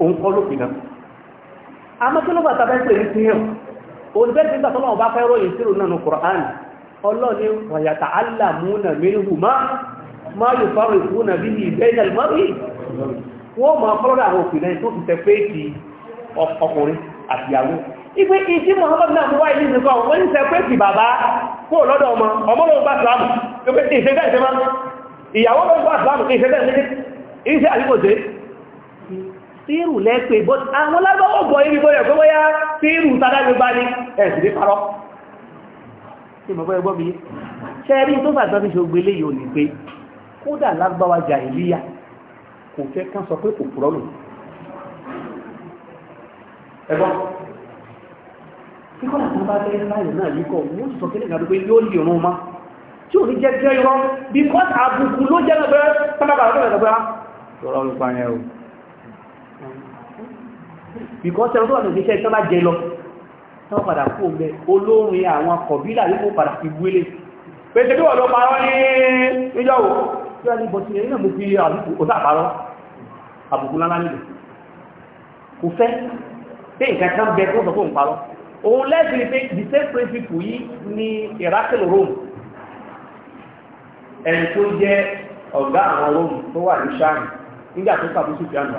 òun kọ́ lópin náà amọ́kẹ́lọ́gbà tàbí pé ní sírù olùbẹ́sẹ̀ nígbà tọ́lọ́wọ́ bá fẹ́ ròyìn sírò náà ní Qur'an ọlọ́ni wàyàtà aláàmúnà mẹ́rìnhù máa yóò fárò ìfúnà bí i bẹ́ẹ̀dẹ̀ mọ́rí wọ́n ma fọ́lọ́dà àwọn òpìnlẹ̀ tó fi tẹ pé ti ọkùnrin àtìyàwó ipé ìdí Muhammad náà mú wáyé nìkan wọ́n ń tẹ pé ti bàbá kó tíìrù lẹ́pẹ̀ bọ́ àwọn lábọ́wọ́ bọ̀ ibi bọ́ ẹ̀kọ́ bọ́yá tíìrù tàdágbébá ní ẹ̀sìdé parọ́ tí mọ̀ bọ́ ẹgbọ́n mi ṣẹ́rí tó fàtọ́ fi ṣogbé lè yóò ní pé kódà lágbàwà jàìlíyà kò fẹ́ kán sọ pé kò púrọ́ lò ẹgbọ́n kíkọ́ làtún bá bẹ́ẹ̀ láyò náà yíkọ̀ wọ́n sọ pé nígbà pé yóò lè rún ma tí ò ní jẹ́ jẹ́ irọ́ bí kọ́ àbùkù ló jẹ́ lọ́gbẹ́rẹ́ pátápàá lọ́gbẹ́rẹ́ lọ́gbẹ́rẹ́ because ẹran tó wà lóde iṣẹ́ tó bá jẹ lọ tó padà kú ọgbẹ olórin àwọn kọ̀bílà yóò padà fi wílé pèsè bí wọ́n lọ parọ́ ní níjọ́wò tí wọ́n ní bọ́ sí ẹ̀yìn náà mo fi òsà parọ́ àbùkù lánàá nílò kò fẹ́ pé nǹkan kan bẹ tó sọ fún parọ́ òun lẹ́sìn ni pé the same principle yìí ní ìrákìlì Rome ẹni tó jẹ́ ọ̀gá àwọn Rome tó wà ní sáàmì nígbà tó pàbó fi àná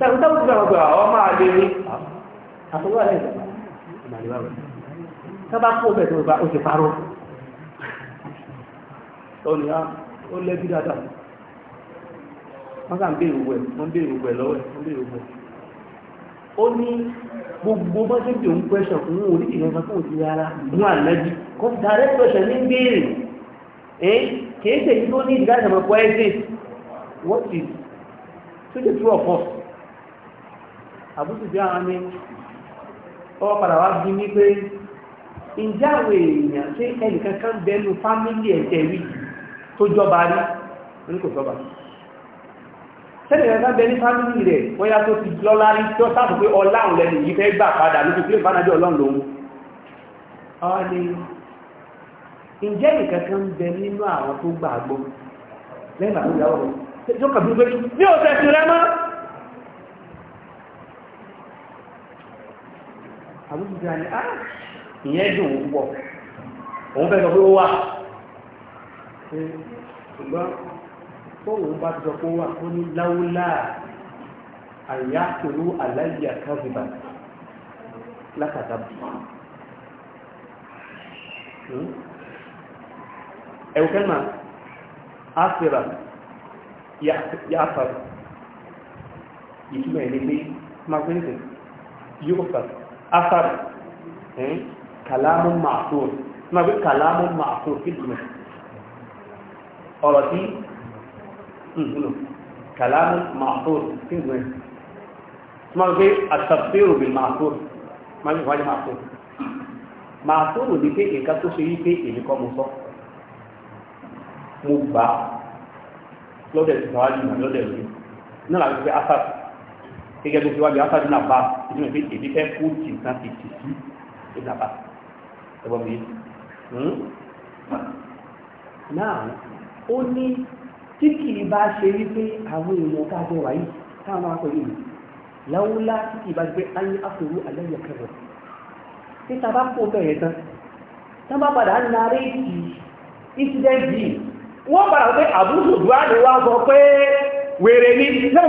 sẹ́gun tó gbà gbà àwọn máa lè rí àtúwọ́ rẹ̀ sábà kó bẹ̀ tó bá ó ti parọ́ ọ̀nà ah, ó lẹ́bí dáadáa wọ́n kà ń béèrè òwẹ̀ wọ́n ní gbogbo bá ṣe bí òun pẹ́ṣọ̀ fún òun ní ìrẹ́fà fún òun rárá mú àlẹ́bí kọ́ direct question ní ẹ́ kìí tó ní what is àbútù bí àwọn ní ọwọ́ padà wá bí ní pé ìjá àwọn èèyàn tí ẹnìkan kan bẹnu fámílì ẹ̀jẹ̀ rí tó jọba rí ní kò sọba sẹ́nìkan kan bẹ ní fámílì rẹ̀ bóyá tó ti lọ́lá rí tó sáàbù pé ọláhùn lẹ́nu yìí fẹ́ gbà padà ló fi pé ìbánadé ọlọ́run lòun ni ìjẹ́ nìkan àbújá ni á ah, ìyẹn dùn ún pọ̀ òun fẹ́ sọ pé ó wà ṣùgbọ́n tóun bá sọ pé ó wà ó ní láwùlá àyà pẹ̀lú àlàyé àkàzìbà látàkàbù hmm? ẹ̀wù kẹ́lìmà áfẹ́rà yáfàrà ìtumẹ̀ ní pé máa yóò fàrà asar eh, kalamun ma'asur ma bí kalamun ma'asur fitna ọ̀rọ̀ tí ìgbìnà hmm, kalamun ma'asur fitna ma bí àtàfẹ́rò bí ma'asur ma bí wáyé ma'asur ma'asur ní pé ìka tó ṣe yí pé èmi kọ́ mo sọ mo gbà lọ́dẹ̀ tí wáyé lọ́dẹ̀ lórí náà láti pé asar gẹ́gẹ́ bí wájú asadu náà bá inú ẹ̀fẹ́ èmi fẹ́ kó tì nǹkan ti tì sí ìlà bá ẹ̀bọ̀n mi. Hmm? náà ó ní tí kì í bá ṣe wípé àwọn èèyàn ká jọ wáyé táwọn máa pẹ̀lú mi láwùlá tí kì í bá gbé ayé àfòrú alẹ́yẹ kẹrọ títa bá kó bẹ̀rẹ̀ tán tán bá padà ń narí ìtì ìtìdẹ́ẹ̀dì wọ́n padà pé àbúrò dùá lè wá sọ pé wèrè ní ìjọ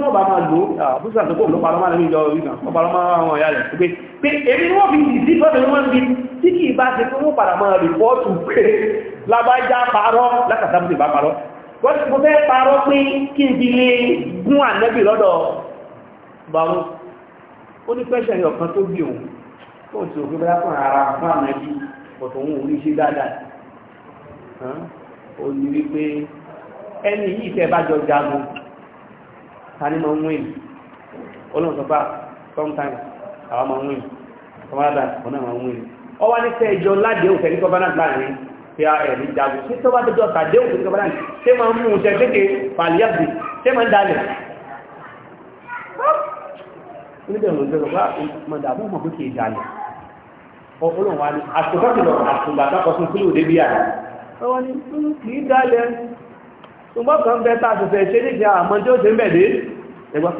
tó bá máa lò àbúsà tó kò ló parọ́mà lórí ìjọ orí náà parọ́mà àwọn ìyá rẹ̀ pé pé èmi wọ́n fi ìdí fọ́nà wọ́n fi tí kìí bá ti fún padà máa rìpọ́ọ̀tù pé lábájá parọ́ látàtàbùsì bá parọ́ mo fẹ́ parọ́ pé kí n fi lè gún ànẹ́bì lọ́dọ̀ bàrún ó ní pẹ́ṣẹ̀ ọ̀kan tó bí òun tó ti òfin bá fún ara fún ó ní wípé ẹni yìí tẹ́ bá jọ jagun ta ni máa ń wìn olóhùn sọpá ah, sometimes àwa máa ń wìn ọmọ àgbà ọ̀nà máa ń wìn ọwá ní tẹ́ ìjọ ládéhùn tẹ́ ní kọ́bánà láàrin tí a ah, ẹ̀ ní jagun tí tó bá tó jọ tàdéhùn tẹ́ ní kọ́bánà tí máa ń mú un tẹ́ kéèké pàlíyàbì tí máa ń dalẹ̀ níbẹ̀ ló jẹ́ lọ́pàá ọwọ́ ni kì í dálẹ̀ ṣùgbọ́n kan bẹ́ tàà tẹ̀fẹ̀ ṣe ní ìjà àmọ́ tí ó ṣe ń bẹ̀ dé ẹgbọ́n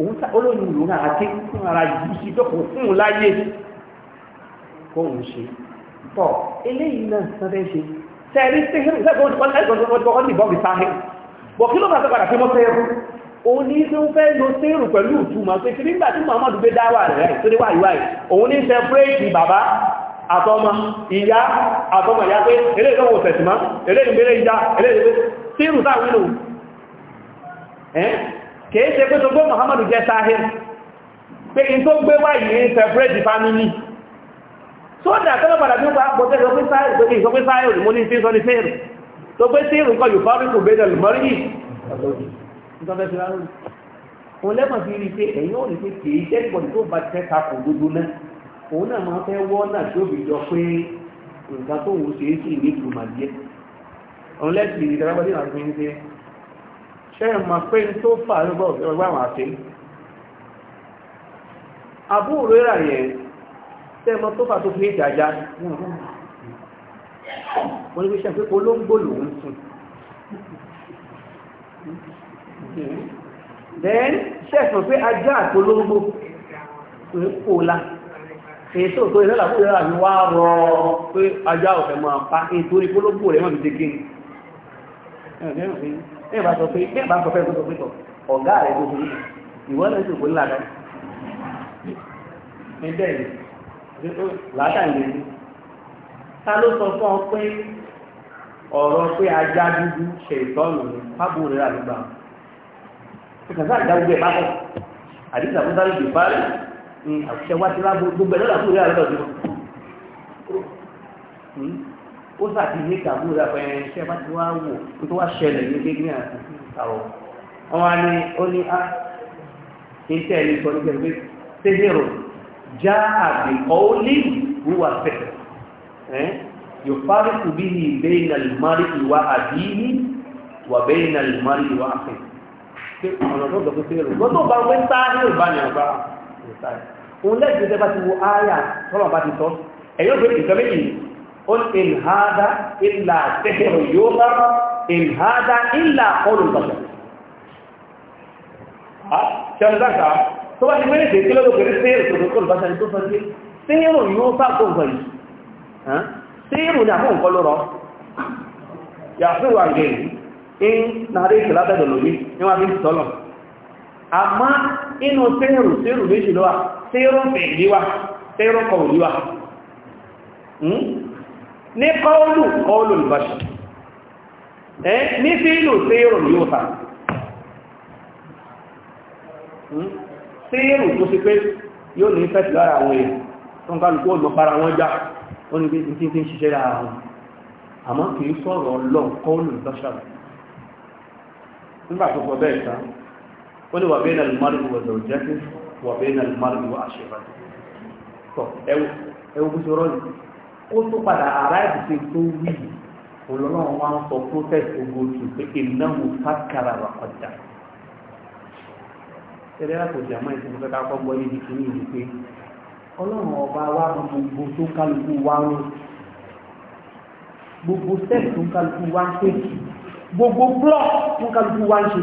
òun olóyìn ìlú náà àti fún ara yìí sí tọ́kùn fún un láyé kóhun ṣe tọ́ eléyìí náà sọ́dẹ́ ṣe tẹ̀rí síhìn ìṣẹ́gbọ́n òun ní tí ó fẹ́ lo tíìrù pẹ̀lú ìtumọ̀ pé tí nígbà tí Muhammadu gbé dáwà rẹ̀ tó déwà ìwà ẹ̀ òun ní sẹpẹ́rẹ́tì bàbá àtọmọ ìyá àtọmọ ìyá pé eléyìí tó wọ́n fẹ̀sì má eléyìí gbélé ìyá eléyìí pé tí ìrù sáà nínú kìí ṣe pé tó gbé Muhammadu jẹ́ sáhìr pé in tó gbé báyìí separate the family tó dà tẹ́lẹ̀ padà bí ó bá bọ́ tẹ́lẹ̀ sọ pé sáhìr mo ní sí sọ ní sáhìr tó pé sí ìrù kan yóò fárí kò bẹ́ẹ̀ lùmọ́rí yìí ọlọ́dún òun náà máa fẹ́ wọ́ náà tí ó fi jọ pé nǹkan tó wù sí sí ní ìgbìmọ̀ díẹ̀ òun lẹ́sìn ìdárabọ́dé náà fi ń ṣe ṣe é mọ̀ pé tó fà á lọ́gbọ̀ ọgbà àwọn àṣẹ àbúrò rà tó fà tó fi then ṣe é sọ pé ajá àti olóńgbò pé kò la ètò tó ìrẹ́là fún ìrẹ́là ní wá rọ pé ajá ọ̀fẹ́ máa pa ètò ìpológbò rẹ̀ máa fi dé kíni ẹ̀bá sọ pé ẹ̀bá sọ pé ẹ̀bá sọ ọ̀gá rẹ̀ tó fún ìwọ náà sì fún làdá ní bẹ́ẹ̀ ni làdá ìlú ni ta ló sọ fún ọ pé ọ̀rọ̀ pé ajá dúdú ṣe ìtọ́nù ní pábù rẹ̀ àdúgbà ó kàn sáà dá gbogbo ẹ̀ bá bọ̀ àdìsàbọ̀sáré ní àṣẹ hmm? wá sí lágbo gbogbo ẹ̀dọ́ làbúrò rẹ̀ lọ́dọ̀ dúró ó sàti ní ìtàbúrò rẹ̀ pẹ̀lú iṣẹ́ bá ti wá wò kó tó wá ṣẹlẹ̀ ní gbégbé àti ìtàwọ̀ wọn ni ní ó ní á ah, iṣẹ́ ẹni sọ ní pẹ̀lú tẹ́lẹ̀rọ já àbí ọ́ọ́lì wúwà fẹ̀ yóò fárí kù bí ní ìgbé ìnàlùmárì ìwà àdìyí wà bẹ́ ìnàlùmárì ìwà àfẹ́ òun lẹ́gbẹ̀ẹ́ tẹ́ bá ti wo áyà tọ́lọ̀ bá ti sọ ẹ̀yọ́ pé ìjọ méjì ó ní ìlhádá ìlà tẹ́kẹ̀rọ yóò bá ìlhádá ìlà ọlù tọ̀tọ̀ ṣẹ́lúdáṣà tó bá ti mẹ́rin tẹ́ kí lọ́dọ̀ pẹ̀lú sẹ́ẹ̀rù tó kọ́ lùbáṣà ní tó sọ sí sẹ́ẹ̀rù yóò bá tó sọ yìí sẹ́ẹ̀rù ni àfún nǹkan lọ́rọ̀ yàtúwà ń nàrí ìṣẹ̀lá àmọ́ inú sẹ́rù sẹ́rù méjì lọ́wà sẹ́rù fẹ̀ẹ̀líwà sẹ́rù kọ̀ọ̀líwà hmm? ní kọ́ọ̀lù kọ́ọ̀lù ìbáṣẹ̀ ẹ́ ní fíìlù sẹ́rù yóò ta hmm? sẹ́rù tó sì pé yóò ní fẹ́ẹ̀tì lára àwọn èèyàn tó ń kálukú ọ̀dọ̀ para wọn já ó ní bí tí ń bẹ́ẹ̀ sáà ó ní wà bẹ́ẹ̀ náà lùmọ́rù wà lọ́jẹ́kì wà bẹ́ẹ̀ náà lùmọ́rù wà àṣẹ́fàdì tọ́ ẹwù bí sọ̀rọ̀ yìí ó tó padà ara ìdíje tó wí olùrànwọ́ wa ń sọ protest ogun oṣù pé ìnáwó fàkàrà wà kọjá tẹ́lẹ̀ àpò jàmọ́ ìsinmi fẹ́ ká kọ́gbọ́ níbi kìíní ìlú pé ọlọ́run ọba wa gbogbo tó kálukú wa ró gbogbo step tó kálukú wa ń pè gbogbo block tó kálukú wa ń ṣe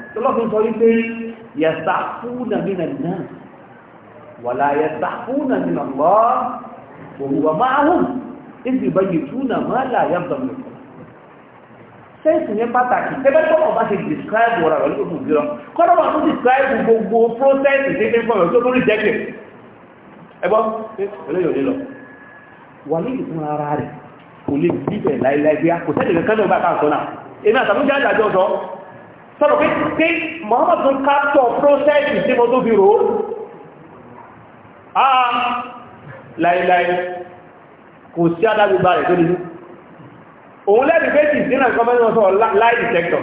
tọ́lọ́fún sọ wípé yẹ̀sà fún àmìnà náà wà láyé yẹ̀sà fún àmìnà lọ́ òwúwà máa hùn ìsì ìbáyé túnà máa láyé bọ̀mù sẹ́ẹ̀sì ní pàtàkì tẹ́gbẹ́ tó ọba ṣe describe ọ̀rọ̀ rẹ̀ lókùn gírọ kọ́nà wà tún describe gbogbo process ìṣẹ́gbẹ́ fọ́rọ̀ tó tún rejected ẹgbọ́ eléyìí ò ní lọ wà ní ìtún ara rẹ̀ sọ̀rọ̀ pé pé Muhammadu ń káptọ̀ prọ́sẹ́sì tí mo tó fi rò á ah, láìláì kò sí adágbègbà rẹ̀ tó nínú òun lẹ́bí pé tí sínà gọ́mẹ́rin sọ láì detector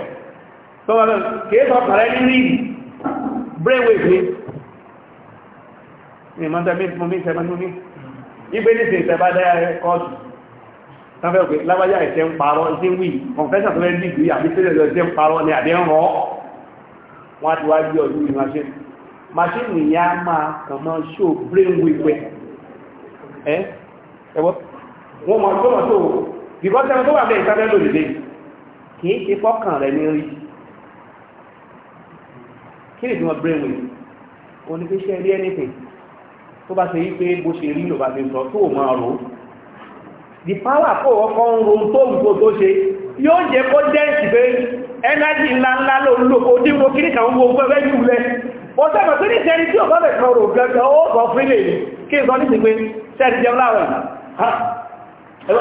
tó wọ́n kìí sọ kàrẹ́ ní rí brainwave ní ìmọ́ta mí fún mí sẹ́mọ́ ní ìgbé tafẹ́ pé lábájá ìṣẹ́ ń parọ́ ìṣẹ́ wí confession tó lẹ́dí ìgbé àbí tẹ́lẹ̀ lọ ìṣẹ́ ń parọ́ ní àdé ń rọ́ wọ́n ti wá gbé ọdún ní machine machine ìyá máa kàn ṣó brain wípẹ́ ẹ́ ẹ̀wọ́ the power kò ọkọ̀ ń ro tó nǹkan tó ṣe yóò jẹ́ kó dẹ́ǹsì pé ẹnájì ńláńlá ló ń lò kó dínwó kí ní kàwọn gbogbo ẹgbẹ́ jù lẹ ó sẹ́gbẹ̀ pé ní sẹ́ni tí ò bá bẹ̀ kan rò gẹ́gẹ́ ó sọ fílẹ̀ kí n sọ ní sí pé sẹ́ni jẹun láàrẹ̀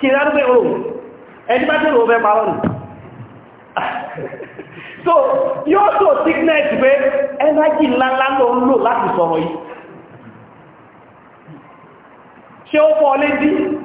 kí n lárúgbé rò sickness pé ẹnájì ńláńlá ló ń lò láti sọ̀rọ̀ yìí ṣé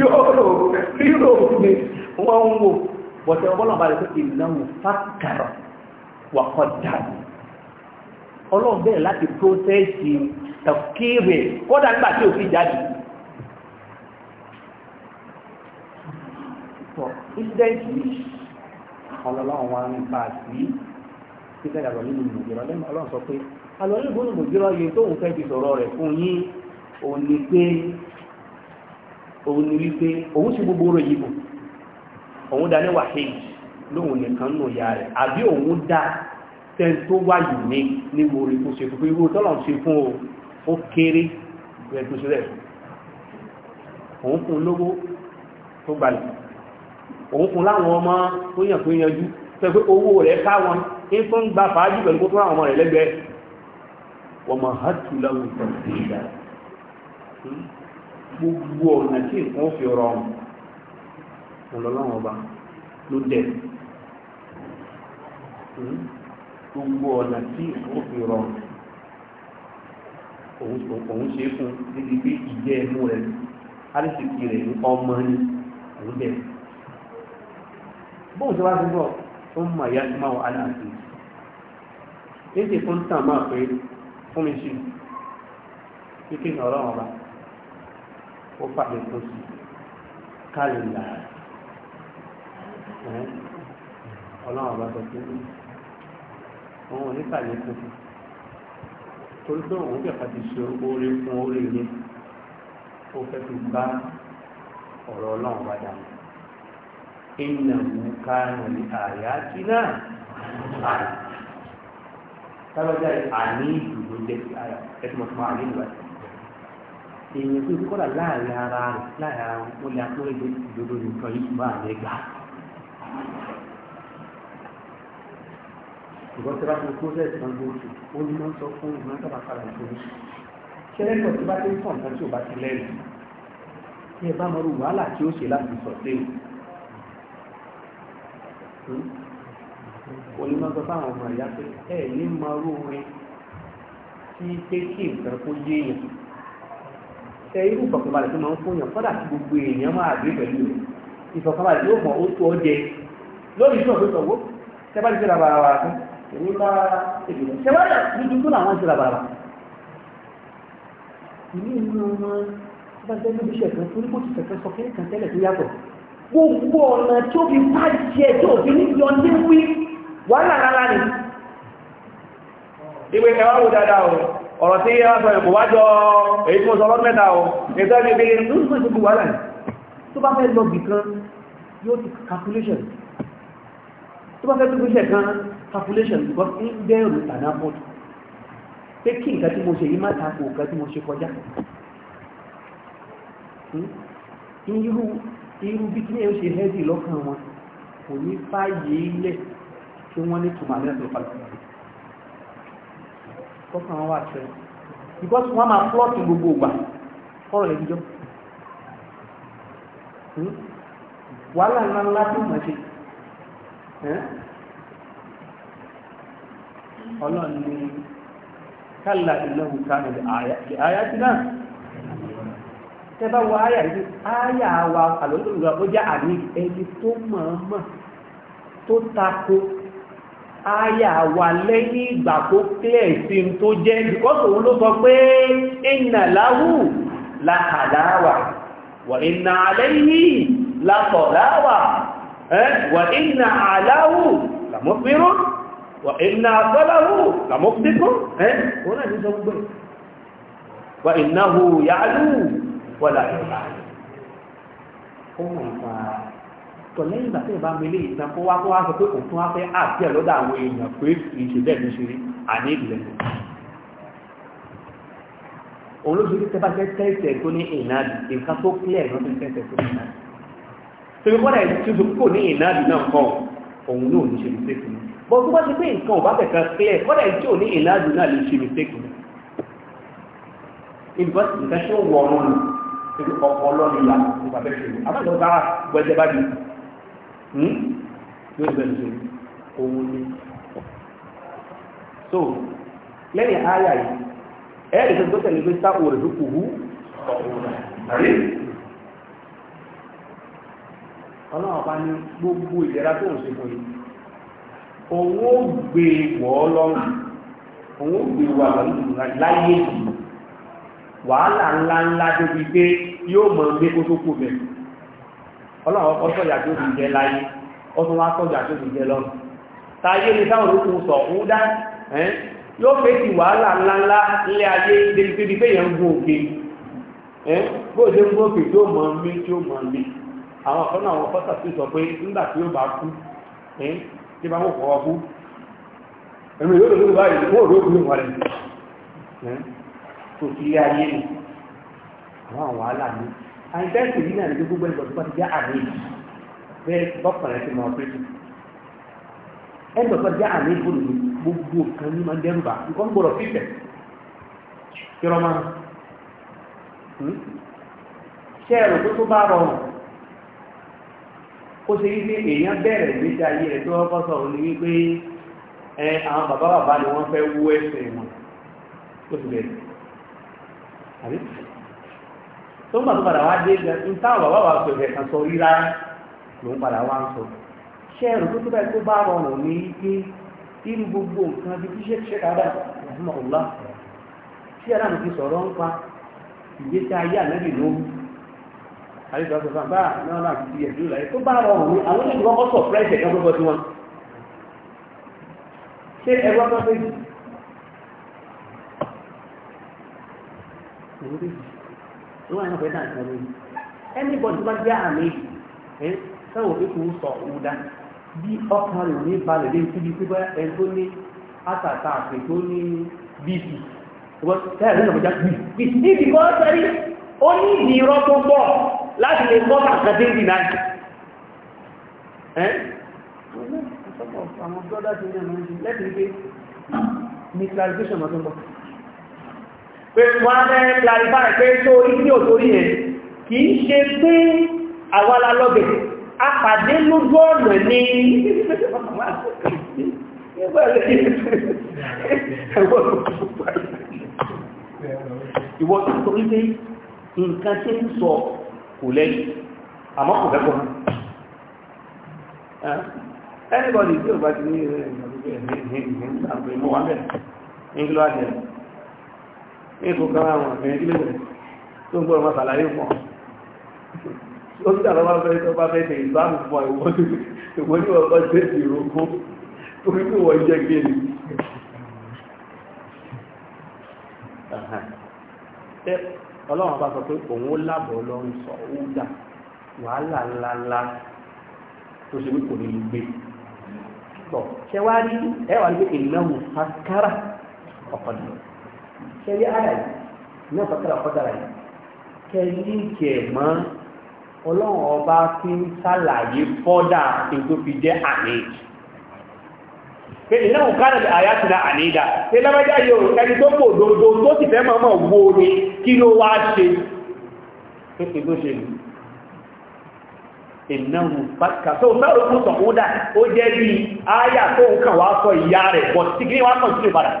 yóò rírò ní wọ́n ń wò bọ̀tẹ̀ ọlọ́run bá rẹ̀ pé ìnáwó fákàrọ̀ wà kọ́ dànù ọlọ́run bẹ̀rẹ̀ láti prósẹ́sì tàkìrì kọ́dà nígbà tí ò fi jáde sọ ìdẹ́ẹ̀tì ọlọ́run wa ń bá a sí títẹ̀ àlọ́ nínú ìmọ̀jọ́rọ́ lẹ́nu ọlọ́run sọ pé àlọ́ nínú ìmọ̀jọ́rọ́ yẹn tóun fẹ́ fi sọ̀rọ̀ rẹ̀ fún òun ni wípé òun sì gbogbo orò yìí òun dá ní wàhíì lóhun nìkan nù ya rẹ̀ àbí òun dá tẹ́n tó wà yìí ní ní gbòòrè tó ṣe fún irú tọ́lọ̀ ṣe fún o ó kéré rẹ̀ tó ṣe rẹ̀ òun fún lówó tó gbalẹ̀ òun fún láwọn ọmọ tó yàn tó yanjú pẹ̀pẹ́ owó rẹ̀ káwọn ní fún gba fàájì pẹ̀lú tó àwọn ọmọ rẹ̀ lẹ́gbẹ̀ẹ́ wọ́n mọ̀ hàtúláwù gbogbo ọ̀nà tí nǹkan ó fi rọrùn ọlọ́lọ́wọ́n ọba ló dẹ̀ hmm? gbogbo ọ̀nà tí nǹkan fi rọrùn òun ṣe fún pé ìjẹ́ rẹ̀ rẹ̀ dẹ̀ bóun bọ̀ mọ̀ ìyá máa tàn máa pé fún mi sí ó fàdé kó sí kálíńdà ọlọ́run ọba sọ pé òun ò ní fàdé kó sí torí pé òun kẹfà ti ṣe oore fún oore ilé ó fẹ́ fi bá ọ̀rọ̀ ọlọ́run ọba dànù ìnà òǹkà ní àyà tí náà àyà tábàjá àní ìdùnnú jẹ́ sí àyà ẹ̀sìn mọ̀tún àní ìlú àti èèyàn tó kọ́dà láàrin ara rẹ̀ láàrin ara wọn wọ́n lè akóre lé ìdodo nìkan yìí máa lè gbà. ìgbọ́n tí a bá ti kó sẹ́ẹ̀sì kan tó tù ó ní wọ́n sọ fún ìgbọ́n tó bá padà tó ní. kẹ́lẹ́kọ̀ọ́ tí bá ti ń sàn kan tí ò bá ti lẹ́rìí ní ẹ bá mọ irú wàhálà tí ó ṣe láti sọ sí o. onímọ̀tò fáwọn ọmọ ìyá pé ẹ ní mọ irú orin tí pé nǹkan kó yéèyàn ẹ irú ìfọ̀kànbalẹ̀ tó máa ń fún yàn kọ́dà tí gbogbo èèyàn máa gbé pẹ̀lú rẹ̀ ìfọ̀kànbalẹ̀ yóò mọ̀ ó tó ọ jẹ lórí ìṣọ̀ tó sọ̀wọ́ tẹ́ bá ti ṣẹlẹ̀ bàrà fún èmi bá èdè lọ ṣẹ́ báyà dúdú tó làwọn ṣẹlẹ̀ bàrà ìlú ìlú wọn bá jẹ́ lóbi iṣẹ́ kan torí kò ti fẹ̀fẹ́ sọ kí nìkan tẹ́lẹ̀ tó ni ìwé ẹ̀wá wo dáadáa ọ̀rọ̀ tí yẹ́ wọ́n sọ wájọ́ èyí tí mo mẹ́ta o ẹ̀tọ́ ní ibi ìlú tó ti gbogbo wàhálà tó bá fẹ́ lọ bì kan yóò ti calculation tó bá fẹ́ tó gbéṣẹ̀ kan calculation because ń bẹ̀rù tàná bọ́ọ̀dù pé kí nǹkan tí mo ṣe yìí má ta kò nǹkan tí mo ṣe kọjá hmm? irú irú bí kí ní ẹ̀ ṣe hẹ́dì lọ́kàn wọn kò ní fàyè ilẹ̀ tí wọ́n ní tùmọ̀ àlẹ́ kọ́kàn wà because wọ́n máa gbogbo kọ́rọ̀ lè hmm? wàhálà ńlá ńlá tó mọ̀ ṣe ọlọ́run kálà lè àyà ti náà wọ àyà àyà àyà wà lẹ́yìn ìgbà tó clear sí tó jẹ́ because òun ló sọ pé inna lahu la halawa wa inna alayhi la talawa wa inna alahu la mufirun wa inna tọ̀ lẹ́yìn ìgbà tí ìbá mele ìtàn kó wá kó wá sọ pé kò tún wá fẹ́ àti ẹ̀lọ́dà àwọn èèyàn pé kì í ṣe bẹ́ẹ̀ ní ṣe rí àní ìbílẹ̀ òun ló ṣe tẹ́ bá fẹ́ tẹ́sẹ̀ tó ní ìnáàdì nǹkan tó clear ló fi tẹ́sẹ̀ tó ní ìnáàdì tó fi kọ́ dà tí o kò ní ìnáàdì náà kọ́ òun náà ní ṣe mistake ni bọ́ tó bá ti pé nǹkan ò bá fẹ́ kan clear kọ́ dà tí o ní ìnáàdì náà lè ṣe mistake ni nǹkan tí ó wọ̀ ọ́nà ọ̀pọ̀ ọlọ́ni là nípa bẹ́ẹ̀ ṣe àbájọba gbẹ́jẹ́ bá di Hmm? yóò bẹ̀rẹ̀ sí òun so lẹ́yìn àyà yìí ẹ̀ẹ́dì tó tẹ̀lé pé sáà òòrùn dúkù hù ọlọ́run bá ní gbogbo ìlera tó ń ṣe fún yìí òun ó gbé wọ́ lọ́rùn òun ó gbé wà lọ́rùn láyé yìí wàhálà ńláńlá débi pé yóò mọ̀ gbé kó tó kù bẹ̀rẹ̀ ọlọ́run ọkọ̀ sọ̀yà tó ti jẹ láyé ọdún wa sọ̀yà tó ti jẹ lọ́run tààyé ní táwọn olókùn sọ̀ ń dá yóò fẹ́ ti wàhálà ńláńlá ilé ayé débi pé yẹn ń gún òkè bó ṣe ń gún òkè tí ó mọ̀ mí tí ó mọ̀ mí àwọn ọ̀kan náà wọ́n fọ́sà sí sọ pé nígbà tí ó bá kú tí bá wọ́n fọwọ́ kú ẹ̀mí yóò lórí báyìí wọ́n rí òkú ìwà rẹ̀ tó fi ilé ayé nù àwọn wàhálà ní àìsẹ́sì yìí náà ní gbogbo ẹgbẹ̀rún tó bá ti já àmì bẹ́ẹ̀ bọ́kànlẹ̀ ti mọ̀ ọ́pẹ́ ẹgbẹ̀rún tó bá ti já àmì ìbòlù gbogbo kan ní máa ń dẹ́rù bá nǹkan gbọ́dọ̀ fífẹ̀ kírọ́ máa ṣe ẹ̀rọ tó tó bá rọrùn ó ṣe wípé èèyàn bẹ̀rẹ̀ ìgbésí ayé rẹ̀ tó wọ́pọ̀ sọ̀rọ̀ ní wípé ẹ àwọn bàbá bàbá ni wọ́n fẹ́ wú ẹsẹ̀ wọn ó ti bẹ̀rẹ̀ tó ń gbàtọ́ padà wá dé gan ní táwọn bàbá wa pẹ̀lú ẹ̀kan sọ rí rárá ló padà wá ń sọ ṣé tó tó báyìí tó bá rọrùn ní irú gbogbo nǹkan bí kí ṣe kára ṣé sọ̀rọ̀ ń pa ìgbésí ayé ànábì ló sọ fún ah, láyé tó bá rọrùn ní àwọn fúrẹ́ṣẹ̀ kan gbogbo ìwọ̀n ẹ̀yàn pẹ̀lú àìsàn lórí anybody tó bá jẹ́ àmì ẹ̀ sẹ́wọ̀n pé kò sọ òun dá bí ọkàn rẹ̀ ní balẹ̀ lé síbi pípẹ́ ẹ̀ tó ní àtàtà àpè tó ní bp ìwọ̀n tẹ́lẹ̀ lẹ́nu ọ̀gbẹ́já bp níbi kọ́ sẹ́rí ó ní ìdí irọ́ tó pọ̀ láti lè kọ́ kàkà dé ìdí náà ẹ́ àwọn brọ́dá ti ní àmì lẹ́tìrí pé ní clarification ọ̀tún bọ̀ pé wọ́n á mẹ́rin clarify pé tó orí tí ò torí ẹ̀ kì í ṣe pé àwọ́lá lọ́bẹ̀ apàdé lójú ọ̀nà ní ìwọ̀n tó rí pé nǹkan tí ń sọ kò lẹ́yìn àmọ́ kò fẹ́ Anybody tí ò bá ti ní ìrìn ìrìn ìrìn ìrìn ìrìn ìrìn ìrìn ìrìn ìrìn ètò kára àwọn ọ̀fẹ́ ilé rẹ̀ tó ń gbọ́rọ̀ máa sàlàyé fún ọ ó sì dàbọ̀ bá fẹ́ tó bá fẹ́ tẹ̀ ìbámu fún ọ ìwọ ní ìwọ ní ọkọ̀ tẹ̀ ìrókó torí pé ìwọ jẹ́ gbé ni. tẹ ọlọ́run bá sọ pé òun ó lábọ̀ ọlọ́run sọ ó wàhálà ńláńlá tó ṣe wípé ní gbé tọ ṣẹ rí ẹ ní pé ìnáwó fakára kẹrí ara yìí náà fàkàrà fọ́dára yìí kẹrí ìkẹ̀ mọ́ ọlọ́run ọba fi ń ṣàlàyé fọ́dà tó fi jẹ́ àmì pé iná òkàrà lè àyà ti na ànídà pé lábájá yóò ẹni tó kò dodo tó sì fẹ́ mọ́mọ́ wo ni kí ló wá ṣe pé pé tó ṣe lù ìnáwó pàtàkì tó mẹ́rùn-ún sọ̀kúndà ó jẹ́ bí áyà tó ń kàn wá sọ ìyá rẹ̀ bọ̀ sí kí wá kàn sí ìbàdàn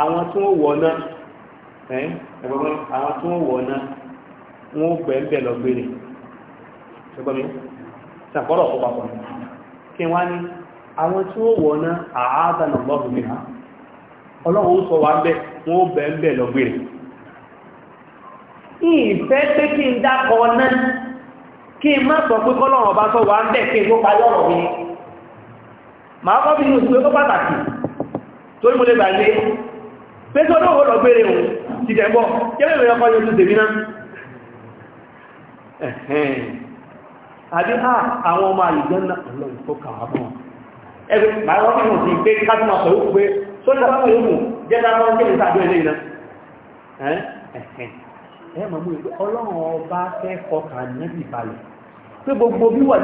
àwọn tí wọ́n wọ̀ náà ẹ̀ ẹ̀gbọ́n àwọn tí wọ́n wọ̀ náà wọ́n bẹ̀ ń bẹ̀ lọ gbére ẹ̀gbọ́n mi ṣàkọ́rọ̀ ọ̀pọ̀ papọ̀ kí wọ́n ní àwọn tí wọ́n wọ̀ náà àádá nà ọlọ́run sọ wà ń bẹ̀ náà kí n ń torí mo lè pẹ́sọ́ náà wọ́n lọ gbére ohun ti tẹ̀gbọ́ kẹ́lẹ̀mẹ̀ ọkọ̀ yóò tún tèmi náà ẹ̀hẹ́n àbí àwọn ọmọ àìjọ́nà ọlọ́run tó kàwà bọ́ ẹgbẹ́ bàbá ọmọ sí pé kásìmọ̀ sọ yóò pé sójà bá yóò mú jẹ́ta bá ń kéde sáàdó ilé iná ẹ̀hẹ́n ẹ̀ mọ̀ mú ìgbé ọlọ́run ọba fẹ́ kọkà nẹ́bì balẹ̀ pé gbogbo bí wà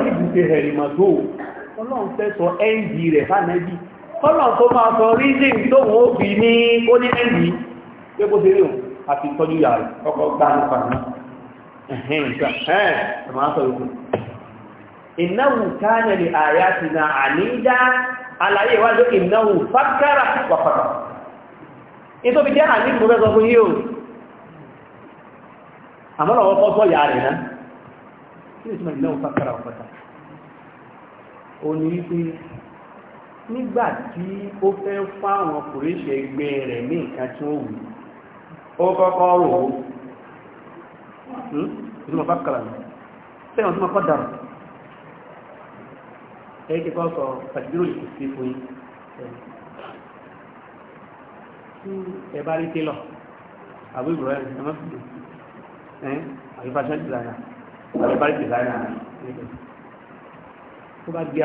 kọ́nà tó máa sọ rízìn tó wọ́n fi ní ó ní ẹ̀rí pé kó ṣe rí òun àti ìtọ́jú ìyá rẹ̀ kọ́kọ́ gbá nípa ní ẹ̀hìn ẹ̀hìn ẹ̀mọ́ sọ ìkù ìnáwó káàyàn lè àyà ti na àníjá àlàyé ìwádìí ìnáwó fákàrà wàfàrà nítorí jẹ́ àní mo fẹ́ fún yíò àmọ́ lọ́wọ́ sọ ìyá rẹ̀ náà kí ni ìtumọ̀ ìnáwó fákàrà wàfàrà nígbà tí ó fẹ́ fáwọn kòríṣẹ́ ẹgbẹ́ rẹ̀ ní nǹkan tí ó wù ó kọ́kọ́ rò ó hmm? ìdúnmọ̀ bá kàrà ní sẹ́wọ̀n tí wọ́n kọ́ dàrù ẹ̀yí ti kọ́ sọ pàtìbírò yìí sí fún yín tí ẹ bá rí télọ̀ àbú ìbúrọ̀ ẹ̀ ẹ̀ mọ́sí ẹ̀ àbí fashion designer àbí bá rí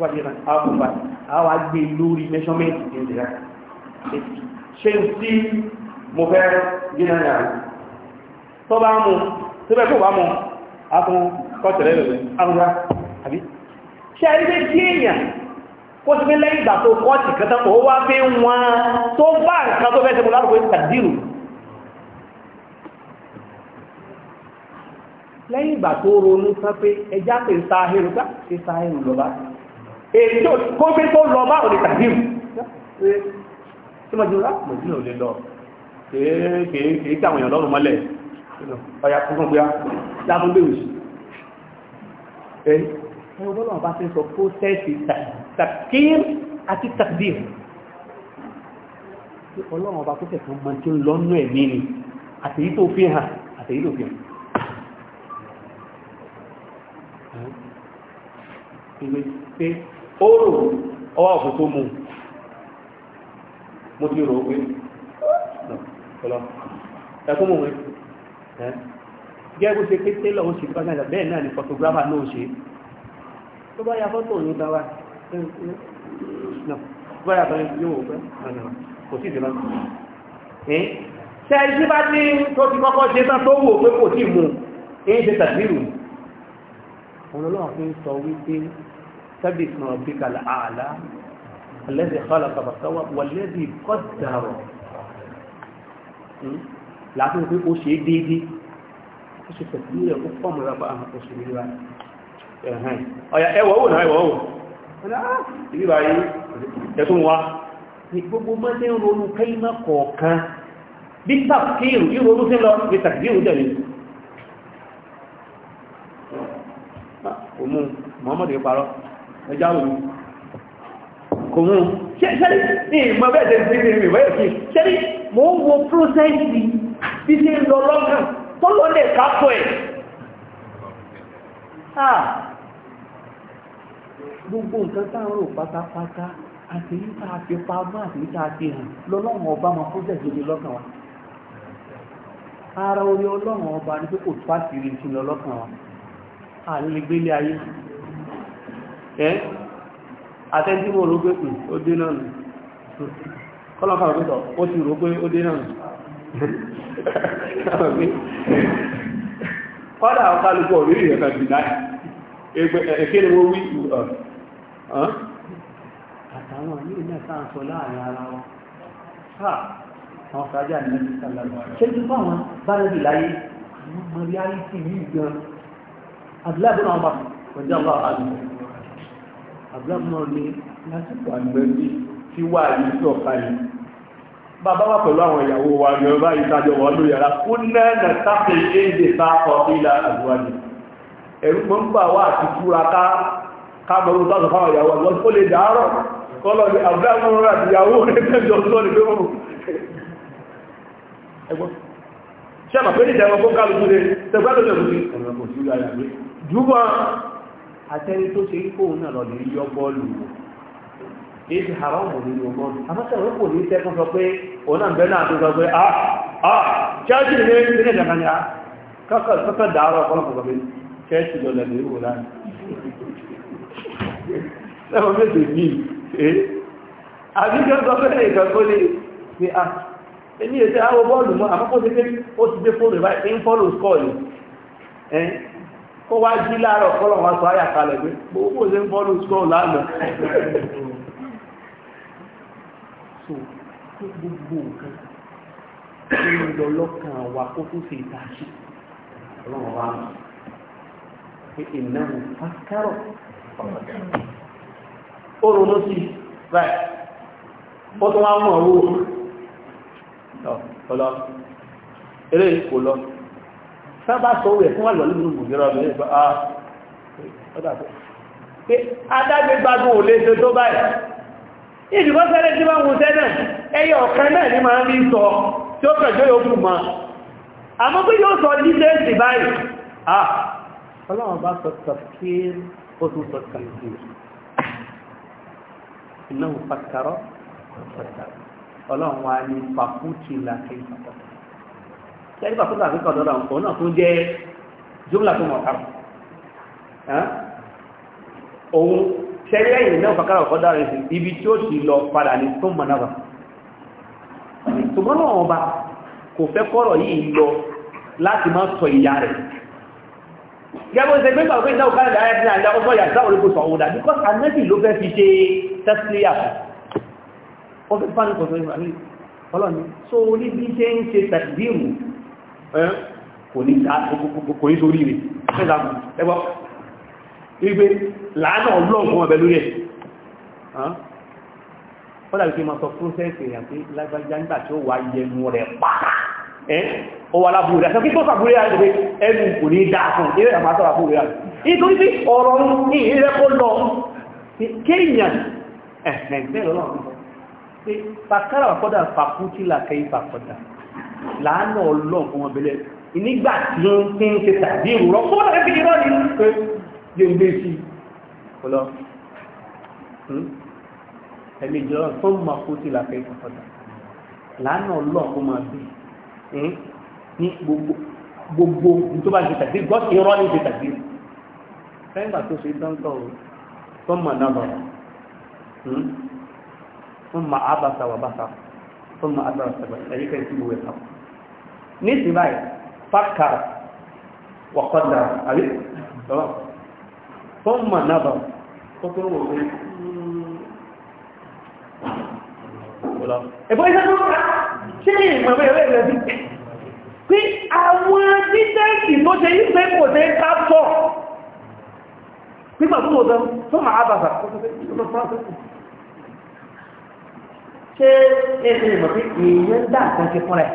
wọ́n ti sàn áwọ̀ fà áwọ̀ agbé lórí mẹ́ṣọ́mẹ́ntì tí ń dira ṣe ń tí mo fẹ́ gíná ní àrùn tó bá mú tó bẹ́ kó bá mú afún kọ́tẹ̀lẹ́ rẹ̀ arúgbá àbí ṣe ẹni pé kí èèyàn kó ti fi lẹ́yìn ìgbà tó kọ́ọ̀tì kẹta ó wá fi wọn tó bá nǹkan tó fẹ́ lẹ́yìn ìgbà tó ronú sán pé ẹjá pè sáà hẹ́rù pá èyí tó kó pé tó lọ báwọn lè tàbí mu tí mo jù rá mo jù ò lè lọ kéèkéé táwọn èèyàn lọ́rùn mọ́lẹ̀ ọ̀yà kúrò pé lábọ́n gbé òṣì ẹni ọgbọ́n bá ti sọ pósẹ́sì tàkír àti tàkdír tí ọlọ́run ọba tó tẹ̀sán mọ́ tí ó lọ́nà ẹ̀mí ni àtèyí tó fi hàn àtèyí tó fi hàn ìwé pé ó rò ọwọ́ ọ̀fún tó mú mo ti rò ó pé ọlọ́ ẹkún mú mi gẹ́gẹ́ ṣe pé tẹ́lọ̀ ó ṣe gbájájà bẹ́ẹ̀ náà ni photographer náà ṣe tó bá ya fọ́tò ní dáwà bá ya fẹ́ yóò fẹ́ kò sí ìdílọ́ ṣe iṣẹ́ bá ní tó ti kọ́kọ́ ṣe tán tó wò pé kò tí mú ní ṣe tàbírù ọlọ́lọ́wọ́ fi ń sọ wípé سبح اسم ربك الأعلى الذي خلق فسوى والذي قدر láti wípé ó ṣe déédé ó ṣe pẹ̀lú rẹ̀ ó fọ́mù rẹ̀ bá àwọn oṣù ríra ẹ̀hẹ́n ọ̀yà ẹwọ̀wò náà ẹwọ̀wò ìrírà yìí ẹ̀tún wa ní ah, gbogbo mọ́lẹ́ ronú kẹ́lìmọ́ kọ̀ọ̀kan bí tàkìrù ìrònú sí lọ bí tàkìrù jẹ́ ní ẹjá òun kò mú ṣẹ́rí ní ìmọ̀ bẹ́ẹ̀ tẹ́ sí ìrìn ìwẹ́ òkè ṣẹ́rí mo ń wo prósẹ́sì bí ṣe ń lọ lọ́gàn tó lọ lè kápọ̀ ẹ̀ gbogbo nǹkan táwọn ò pátápátá àti níta àti pamọ́ àti níta àti hàn lọ́lọ́run ọba máa prósẹ́sì lóde lọ́kàn wa ara orí ọlọ́run ọba ni pé kò tó àṣírí ìṣúná lọ́kàn wa àlè ayé ẹ́ àtẹ́ntí mọ̀ ló gbẹ́kùn ó dé náà kọ́lọ́fà òpétọ̀ ó ti rò pé ó dé náà kọ́dà ọ̀pálùpọ̀ orí ìrẹ̀kà jìdá ẹgbẹ́ ni wọ́n wí ọ̀rọ̀ àtàwọn ní ilẹ̀ sáàsọ láàrin ara wọn sáà àwọn sàájá ní ẹgbẹ́ sàlágbà ṣe tí fáwọn bá rẹ̀bì láyé àwọn mọ̀ rí àríkì yìí gan àbúrámọ́ ni lásìkò àgbẹ̀bí tí wà ní sọ̀kalẹ̀ bàbá wà pẹ̀lú àwọn ìyàwó wa ní ọba ìtajọ wọn ló yàrá ó nẹ́ẹ̀nà sáfẹ́ èdè bá kọ ilá àbúwájú ẹ̀rù mọ́ ń bà wá àti fúra ká kábọ̀rù sáfẹ́ fáwọn ìyàwó àgbọ̀ ó lè dàárọ̀ kọ́lọ̀ ní àbúrámọ́ rà ìyàwó rẹ̀ tẹ́jọ sọ́ni pé wọ́n ẹgbọ́n ṣe àmà pé ìdẹ̀wọ̀n kó kálukú rẹ̀ àtẹ́rí tó ṣe kó náà lọ lè yọ bọ́ọ̀lù wò èyí ti hàrá ọmọ nínú bọ́ọ̀lù àmọ́sẹ̀ òun kò ní tẹ́kùn sọ pé òun náà bẹ́ẹ̀ náà tó sọ pé a ah, a ah, chelsea ní ilé ìjọba ni a ah, kọ́kọ́ kọ́kọ́ dàárọ̀ ọ̀pọ̀lọpọ̀ sọ pé chelsea lọ lẹ́nu ìwò láì lẹ́wọ̀n méjì ní ẹ́ eh? àbíkẹ́ sọ pé nìkan tó lè a kó wá jí láàárọ̀ fọ́lọ̀ wọn sọ àyàkalẹ̀ pé gbogbo ṣe ń fọ́lù skọ́ lánàá so gbogbo nǹkan tí ó lọ lọ́kàn wa kó tó ṣe ìtàṣì ọlọ́run wa mọ̀ pé ìnáwó fákárọ̀ ó ronú sí báyìí ó tún wá mọ̀ owó ọlọ́ eré kò lọ sábà sọ rẹ̀ fún ah, àlọ́lú nínú ìjọra rẹ̀ bá a ọdàpọ̀ pé adágbégbádùn ò lè ṣe tó báyìí ìdìbò sẹ́lẹ̀ tí wọ́n wùsẹ́ náà ẹyẹ ọ̀kan náà ní máa ń rí sọ tí ó kẹjọ́ yóò fún ma àmọ́ pé yóò sọ dídẹ́ǹsì báyìí a ah, ọlọ́run bá sọ tẹ́lifà tó tàbí kọ̀ lọ́dọ̀ ọ̀pọ̀ náà tó jẹ́ jùmlà tó mọ̀ kàrù òun tẹ́lẹ̀ yìí náà fàkàrà ọ̀kọ́ dára sí ibi tí ó sì lọ padà ní tó mọ̀ náà ṣùgbọ́n náà ọba kò fẹ́ kọ́rọ̀ yìí lọ láti máa sọ ìyá rẹ̀ gẹ́gbẹ́ ṣe gbẹ́gbà pé ìdáwó káàdà ayé ní àjá ọgbọ́ ìyàjá olóko sọ òun dà bí kọ́sà nẹ́bì ló fẹ́ fi ṣe tẹ́sílẹ̀ àpò ó fẹ́ fánìkọ̀ sọ ìwà ní ọlọ́ni so ní bí ṣe ń ṣe tẹ̀síìmù kò ní sórí rẹ̀ ẹgbàmù ẹgbọ́ igbe láàánà ọlọ́gbọ́n ọ̀bẹ̀ lórí ẹ̀ ó dàbí kí ma sọ fún sẹ́ẹ̀sì rẹ̀ pé lágbàjá nígbà tí ó wà yẹnu rẹ̀ pàtà ẹ́ ó wà lábúrú rẹ̀ sọ́kí tó sàbúrú rẹ̀ rẹ̀ ẹnu kò ní dáa fún ilé àmà sọ́rọ̀ àbúrú rẹ̀ nítorí pé ọ̀rọ̀ ní ilé kó lọ kéèyàn ẹ̀hẹ̀ bẹ́ẹ̀ lọ́nà pé láàánú ọlọ́ọ̀kan wọn bẹ̀lẹ̀ nígbà tí ó ń tí ń ṣe tàbí ìrọ̀ fún ọ̀rẹ́ fi irọ́ ní pé yóò gbé sí ọlọ́ hmm? ẹ̀mí ìjọba tó ń máa kó sí làfẹ́ ìfọ̀dà láàánú ọlọ́ọ̀kan máa bẹ̀ ní gbogbo tó bá ṣe tàbí gbọ́ sí irọ́ ní ṣe tàbí lẹ́yìn ìgbà tó ṣe dáńtọ̀ tó mọ̀ náà lọ wọ́n máa ábàtà wà hmm? bàtà fún ma àtàrà sẹ́gbẹ̀ ẹ̀yí kan tí mo wẹ̀ sàpọ̀ ní ti báyìí fàkà wàkọ́dà àbí lọ́wọ́ fún ma nàbà ó tó wọ̀ pé ẹ̀bọ́ iṣẹ́ tó rà ṣé ìmọ̀ ẹ̀rẹ́ rẹ̀ sí pé àwọn dítẹ́ǹtì tó ṣe yí pé ṣé ẹsẹ̀ ìmọ̀ pé èèyàn dá nǹkan ṣe fúnra ẹ̀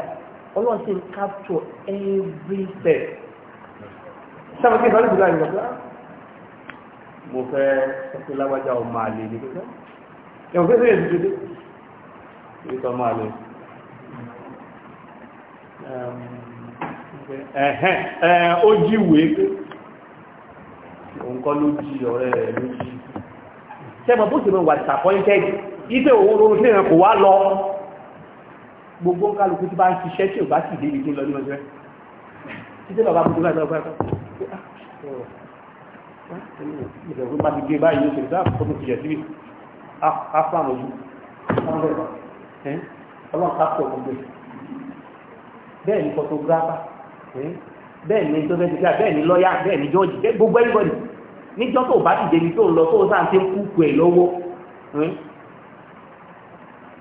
ọlọ́run sì ń capture every step sábà kí n sọ́ọ́ ìdúrà ìrọ̀ pé mo fẹ́ sọ́kè lágbájá ọmọ àlè ní pípẹ́ ẹ̀wọ̀n pé sóyè dúdú dé ìtọ́ ọmọ bó ṣe mọ̀ wà disappointed ipe òun ronú sí ìrìn kò wá lọ gbogbo kálukú tí bá ń ṣiṣẹ́ tí ò bá sì débi tó lọ ní ọjọ́ títí bàbá gbogbo láti ọgbà ẹ̀kọ́ ìṣẹ̀fún bá ti gé báyìí ní ṣèlú àpò tó tìjẹ̀ síbi afáàmù yìí ọlọ́run ká pọ̀ gbogbo bẹ́ẹ̀ ni photographer bẹ́ẹ̀ ni tó fẹ́ ti ká bẹ́ẹ̀ ni lọ́yà bẹ́ẹ̀ ni gbogbo everybody níjọ́ tó bá ti débi tó lọ tó sáà ti ń kúkú ẹ̀ lọ́wọ́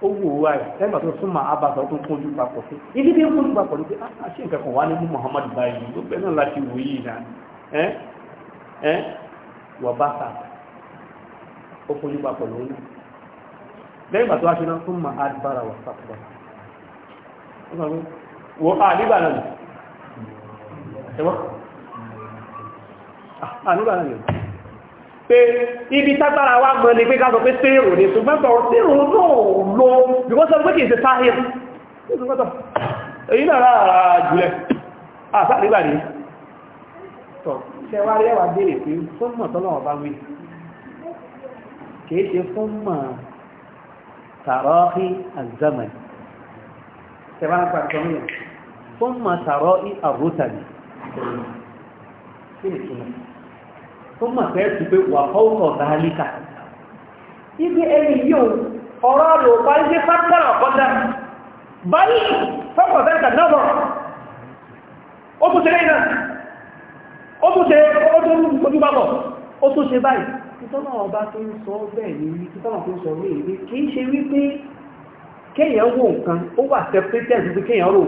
owó wa rẹ̀ lẹ́gbà tó súnmọ́ abàtà tó kójú papọ̀ sí ilé bí ó kójú papọ̀ ní pé a ah, ah, ṣe nǹkan kan wá ní Muhammad báyìí ló bẹ́ẹ̀ náà láti wò yìí náà ẹ́ ẹ́ wà bá ta ó kójú papọ̀ lòun náà lẹ́gbà tó aṣọ náà súnmọ́ adbara wà papọ̀ wọ́n a nígbà náà ẹ̀wọ́ ah, a nígbà náà pé ibi tátára wá mọ́ ní pé ká sọ pé sẹ́rò ní ṣùgbọ́n sọ̀rọ̀ sẹ́rò náà lọ because of wíkì ṣe sáhìr èyí náà rárá jùlẹ̀ àṣà nígbà ní tọ̀ ṣẹwàá rẹwà bèèrè pé fún mọ̀ tọ́lọ̀ ọba wí kìí ṣe fún mọ̀ tàrọ́hí àzámàní ṣẹwàá pàtàkì fún mọ̀ tàrọ́hí àrútàní kí ni túnmọ̀ tó mọ̀ fẹ́ sí pé wà fọ́ọ̀tọ̀ dáálíkà ibi ẹni yóò ọ̀rọ̀ rò bá ń jẹ́ fátàrà ọ̀kọ́dá báyìí fọ́kọ̀ fẹ́ta náà ó tún ṣe lẹ́yìn náà ó tún ṣe ojúbábọ̀ ó tún ṣe báyìí títọ́nà ọba tó ń sọ bẹ́ẹ̀ ní títọ́nà tó ń sọ ní èdè kì í ṣe wípé kéèyàn wò nǹkan ó wà separate pé kéèyàn rò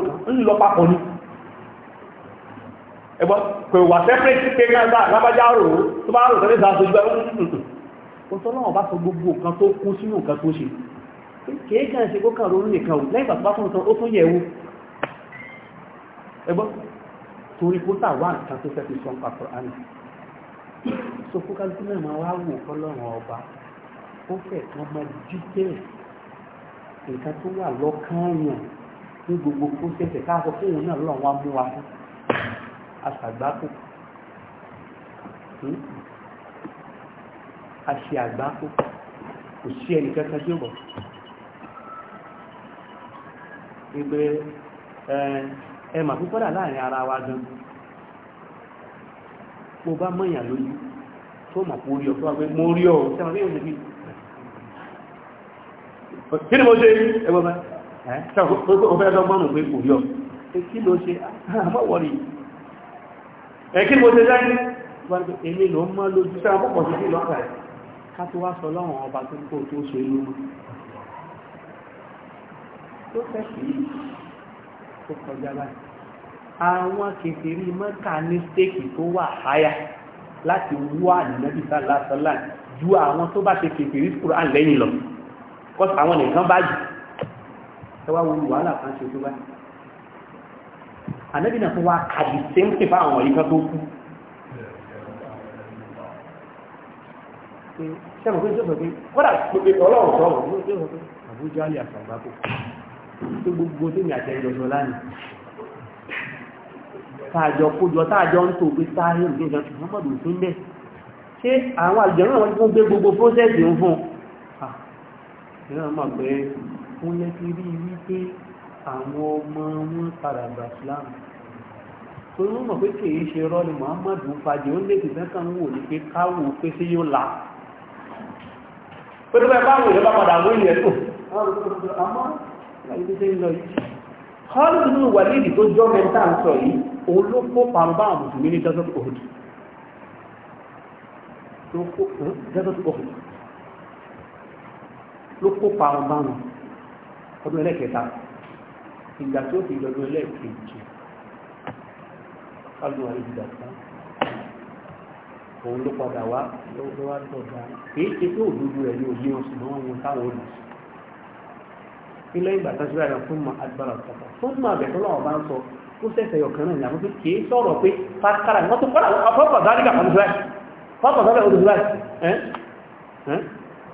ẹgbọ́n kò wà sẹ́pẹ̀rẹ̀tì pé káńtà lábájá rò ó tó bá rò sẹ́lẹ̀ sáà sojú ẹ̀hún kò tọ́ náà bá sọ gbogbo nǹkan tó kún sínú nǹkan tó ṣe kìí kàn ṣe kókàn ronú nìkan ò lẹ́yìn pàtàkì fún ọ̀tàn ó tún yẹ̀wò ẹgbọ́n torí kó tà wá nǹkan tó fẹ́ fi sọ nípa Kùránì so kó kálukú náà máa wá wò kọ́lọ́run ọba ó fẹ́ kan máa dítẹ̀ nǹkan tó wà lọ́kàn yàn ní gbogbo kó ṣẹ̀ṣẹ̀ káàkó fóun náà lọ́wọ́ mú wa fún aṣàgbákò hmm? aṣe àgbákò kò sí ẹnìkan kan tí ó bọ̀ wípé ẹ mà púpọ̀ dà láàrin ara wa gan mo bá mọ̀yàn lójú tó mọ̀ kó rí ọ tó wà pé mo rí ọ sẹ́wọ̀n bí yóò ṣe bí kí ni mo ṣe ẹgbẹ́ bá ẹ sọ pé o fẹ́ dọ́gbọ́n nù pé kò rí ọ kí ló ṣe àmọ́ wọ̀rí yìí ẹ̀kí mo ṣe jáde èmi ló mọ́ lójú sára púpọ̀ sí sí lọ́kà ẹ̀ ká tó wá sọ lọ́wọ́n ọba tó kó tó ṣe lóru tó fẹ́sì tó kọjá báyìí àwọn kèfèrí mọ́ta ní stéèkì tó wà háyà láti wá ànìyàn sá lásánlá ju àwọn tó bá ṣe kèfèrí kúrò àlẹ́yìn lọ kọ́sì àwọn nìkan báyìí ẹ wá wàhálà kan ṣe tó báyìí ànábì náà tún wá kàdì sẹ́ńtì fún àwọn ìkan tó kú sẹ́mu pé tó sọ pé kọ́dà pé ọlọ́run sọ̀rọ̀ ló tó sọ pé àbújá lè àtàgbà kò tó gbogbo tó ní àtẹ̀yìn ọ̀sán lánìí táàjọ kójọ táàjọ ń tó pé táàrí òjò ìjọ tí mọ́mọ̀dù sí ń bẹ̀ ṣé àwọn àjọ̀rọ̀ wọn tó gbé gbogbo prọ́sẹ̀sì ń fún ìran mọ̀ pé wọ́n lẹ́kí wípé àwọn ọmọ wọn padà gbà torí wọ́n mọ̀ pé kì í ṣe irọ́ ni muhammadu ń fàájì ó lè dìbẹ́ kan wò ní pé káwò pé sí yóò la pé bẹ́ẹ̀ báwo ìjọba padà wọ́n yẹ tó àmọ́ láyé tó ṣe ń lọ yìí kọ́lù nínú wàlíìdì tó jọ mẹ́ta ń sọ yìí òun ló pàmbá àwọn ní jọ́sọ́ tó kòhùn ló kó hm, fi ìjọdún ẹlẹ́kẹjì kálù àìgbà kan òun ló padà wá ló wá dọ̀dà kìí ṣe pé òdodo rẹ̀ ní òye oṣù náà wọn táwọn olù sí ilé ìgbà tó ṣe báyìí fún ma agbára ọ̀tọ̀tọ̀ fún ma bẹ̀ tọ́lọ́ ọba ń sọ ó sẹ̀sẹ̀ yọ̀kan náà ìyàwó pé kìí sọ̀rọ̀ pé pátákàrà wọ́n tó kọ́ra fọ́pọ̀ dáríkà olùsíláì fọ́pọ̀ dáríkà olùsíláì ẹ́ ẹ́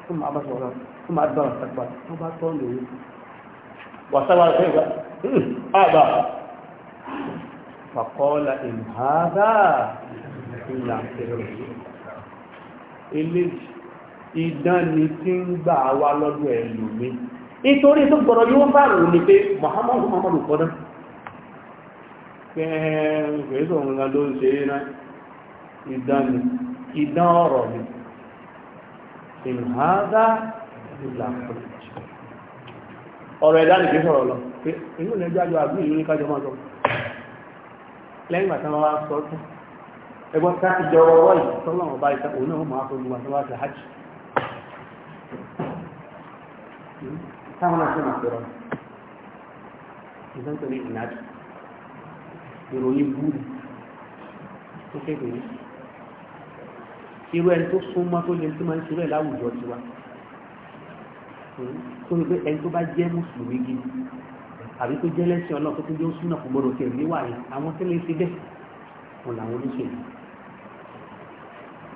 fún ma bá sọ̀rọ̀ fún ma agbára ọ̀tọ̀tọ̀ wọ́n bá tọ́ fàkọ́ọ́lá ìhàdá ìlà ẹ̀rọ eléjì ìdán ni tí ń gbà wá lọ́dọ̀ ẹlòmí nítorí tó gbọ́rọ̀ yóò bá rò ní pé Muhammadu Muhammadu kọ́dá pẹ́ẹ̀rẹ̀ òun ló ń ṣe iná ìdán ni ìdán ọ̀rọ̀ ni sọ̀rọ̀ lọ pé inú lẹ́jọ́ àjọ àbúrò ní kájọ máa sọ̀rọ̀ lẹ́yìn àti àwọn aṣọ ọ̀tún ẹgbọ́n ká ti jọ ọwọ́ yìí tọ́lọ́wọ́ bá ìta òun náà máa fún gbogbo àtọ́wà ti hajj táwọn náà ṣe máa fẹ́ràn ìdán pẹ̀lú ìnájú ìròyìn búrú tó kékeré irú ẹni tó súnmọ́ tó àbí tó jẹ́ lẹ́sìn ọlọ́run tó tún jẹ́ súnà kò gbọdọ̀ tẹ̀ níwà yẹn àwọn tẹ́lẹ̀ ṣe bẹ́ẹ̀ wọn làwọn olóṣèlú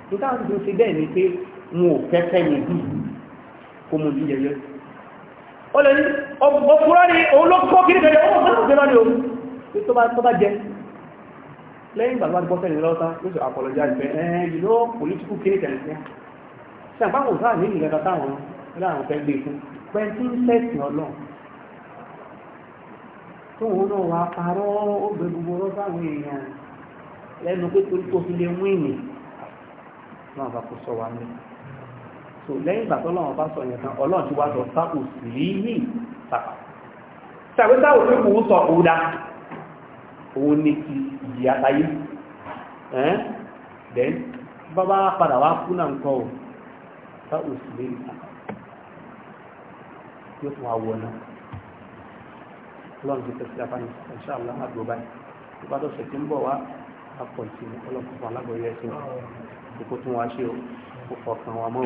nígbà tó tún ṣe bẹ́ẹ̀ ni pé wọn ò fẹ́ mi dùn kó mo dùn yẹyẹ ó lè ní ọkùnrin ni òun ló kọ́ kiri kẹjọ ó fẹ́ fẹ́ lọ́ni o tó bá tó bá jẹ lẹ́yìn ìgbà tó bá ti bọ́ sẹ́yìn lọ́ta ló sọ àpọ̀lọ́jà ìfẹ́ ẹ̀ yìí ló pòlítíkù kiri kẹ̀lẹ́sẹ̀ ṣàpáwò sáà ní ìgbà táwọn láàrùn fẹ́ gbé fún pẹ́ntí ń tóun náà wàá parọ́ ó gbé gbogbo ọ̀rọ̀ báwọn èèyàn lẹ́nu pé torí tó fi lè mú ìní náà bá kó sọ wa ní. so lẹ́yìn ìgbà tọ́lọ́wọ́n bá sọ yẹn tán ọlọ́run ti wá sọ sáà òsì yìí sàkà sàbí sáà òsì kò sọ òdà òun ní ti ìdí àtayé then bàbá padà wá kú náà nǹkan o sáà òsì yìí sàkà yóò fún wa wọ náà ọlọ́run ti tẹ̀sí àfáàní ìṣàlá àgbọ̀bá yìí nípa tó ṣe ti ń bọ̀ wá àpọ̀ ìsinmi ọlọ́run fún alágbọ̀yẹ ẹ̀sìn kókó tún wá ṣe o kó fọkàn wa mọ́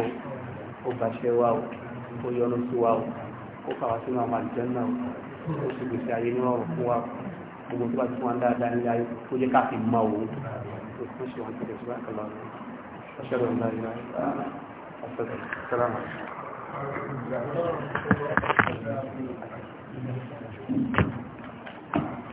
o ó gbàṣẹ wa o ó yọ́nú sí wa o ó fà wá sínú àwọn àjẹ́ náà o ó sì gbèsè ayé ní ọ̀rọ̀ fún wa gbogbo tó bá ti wọn dáadáa nílé ayé ó yẹ ká fi mọ òun ó tún ṣe wọn tẹ̀lé síwájú kan Thank you.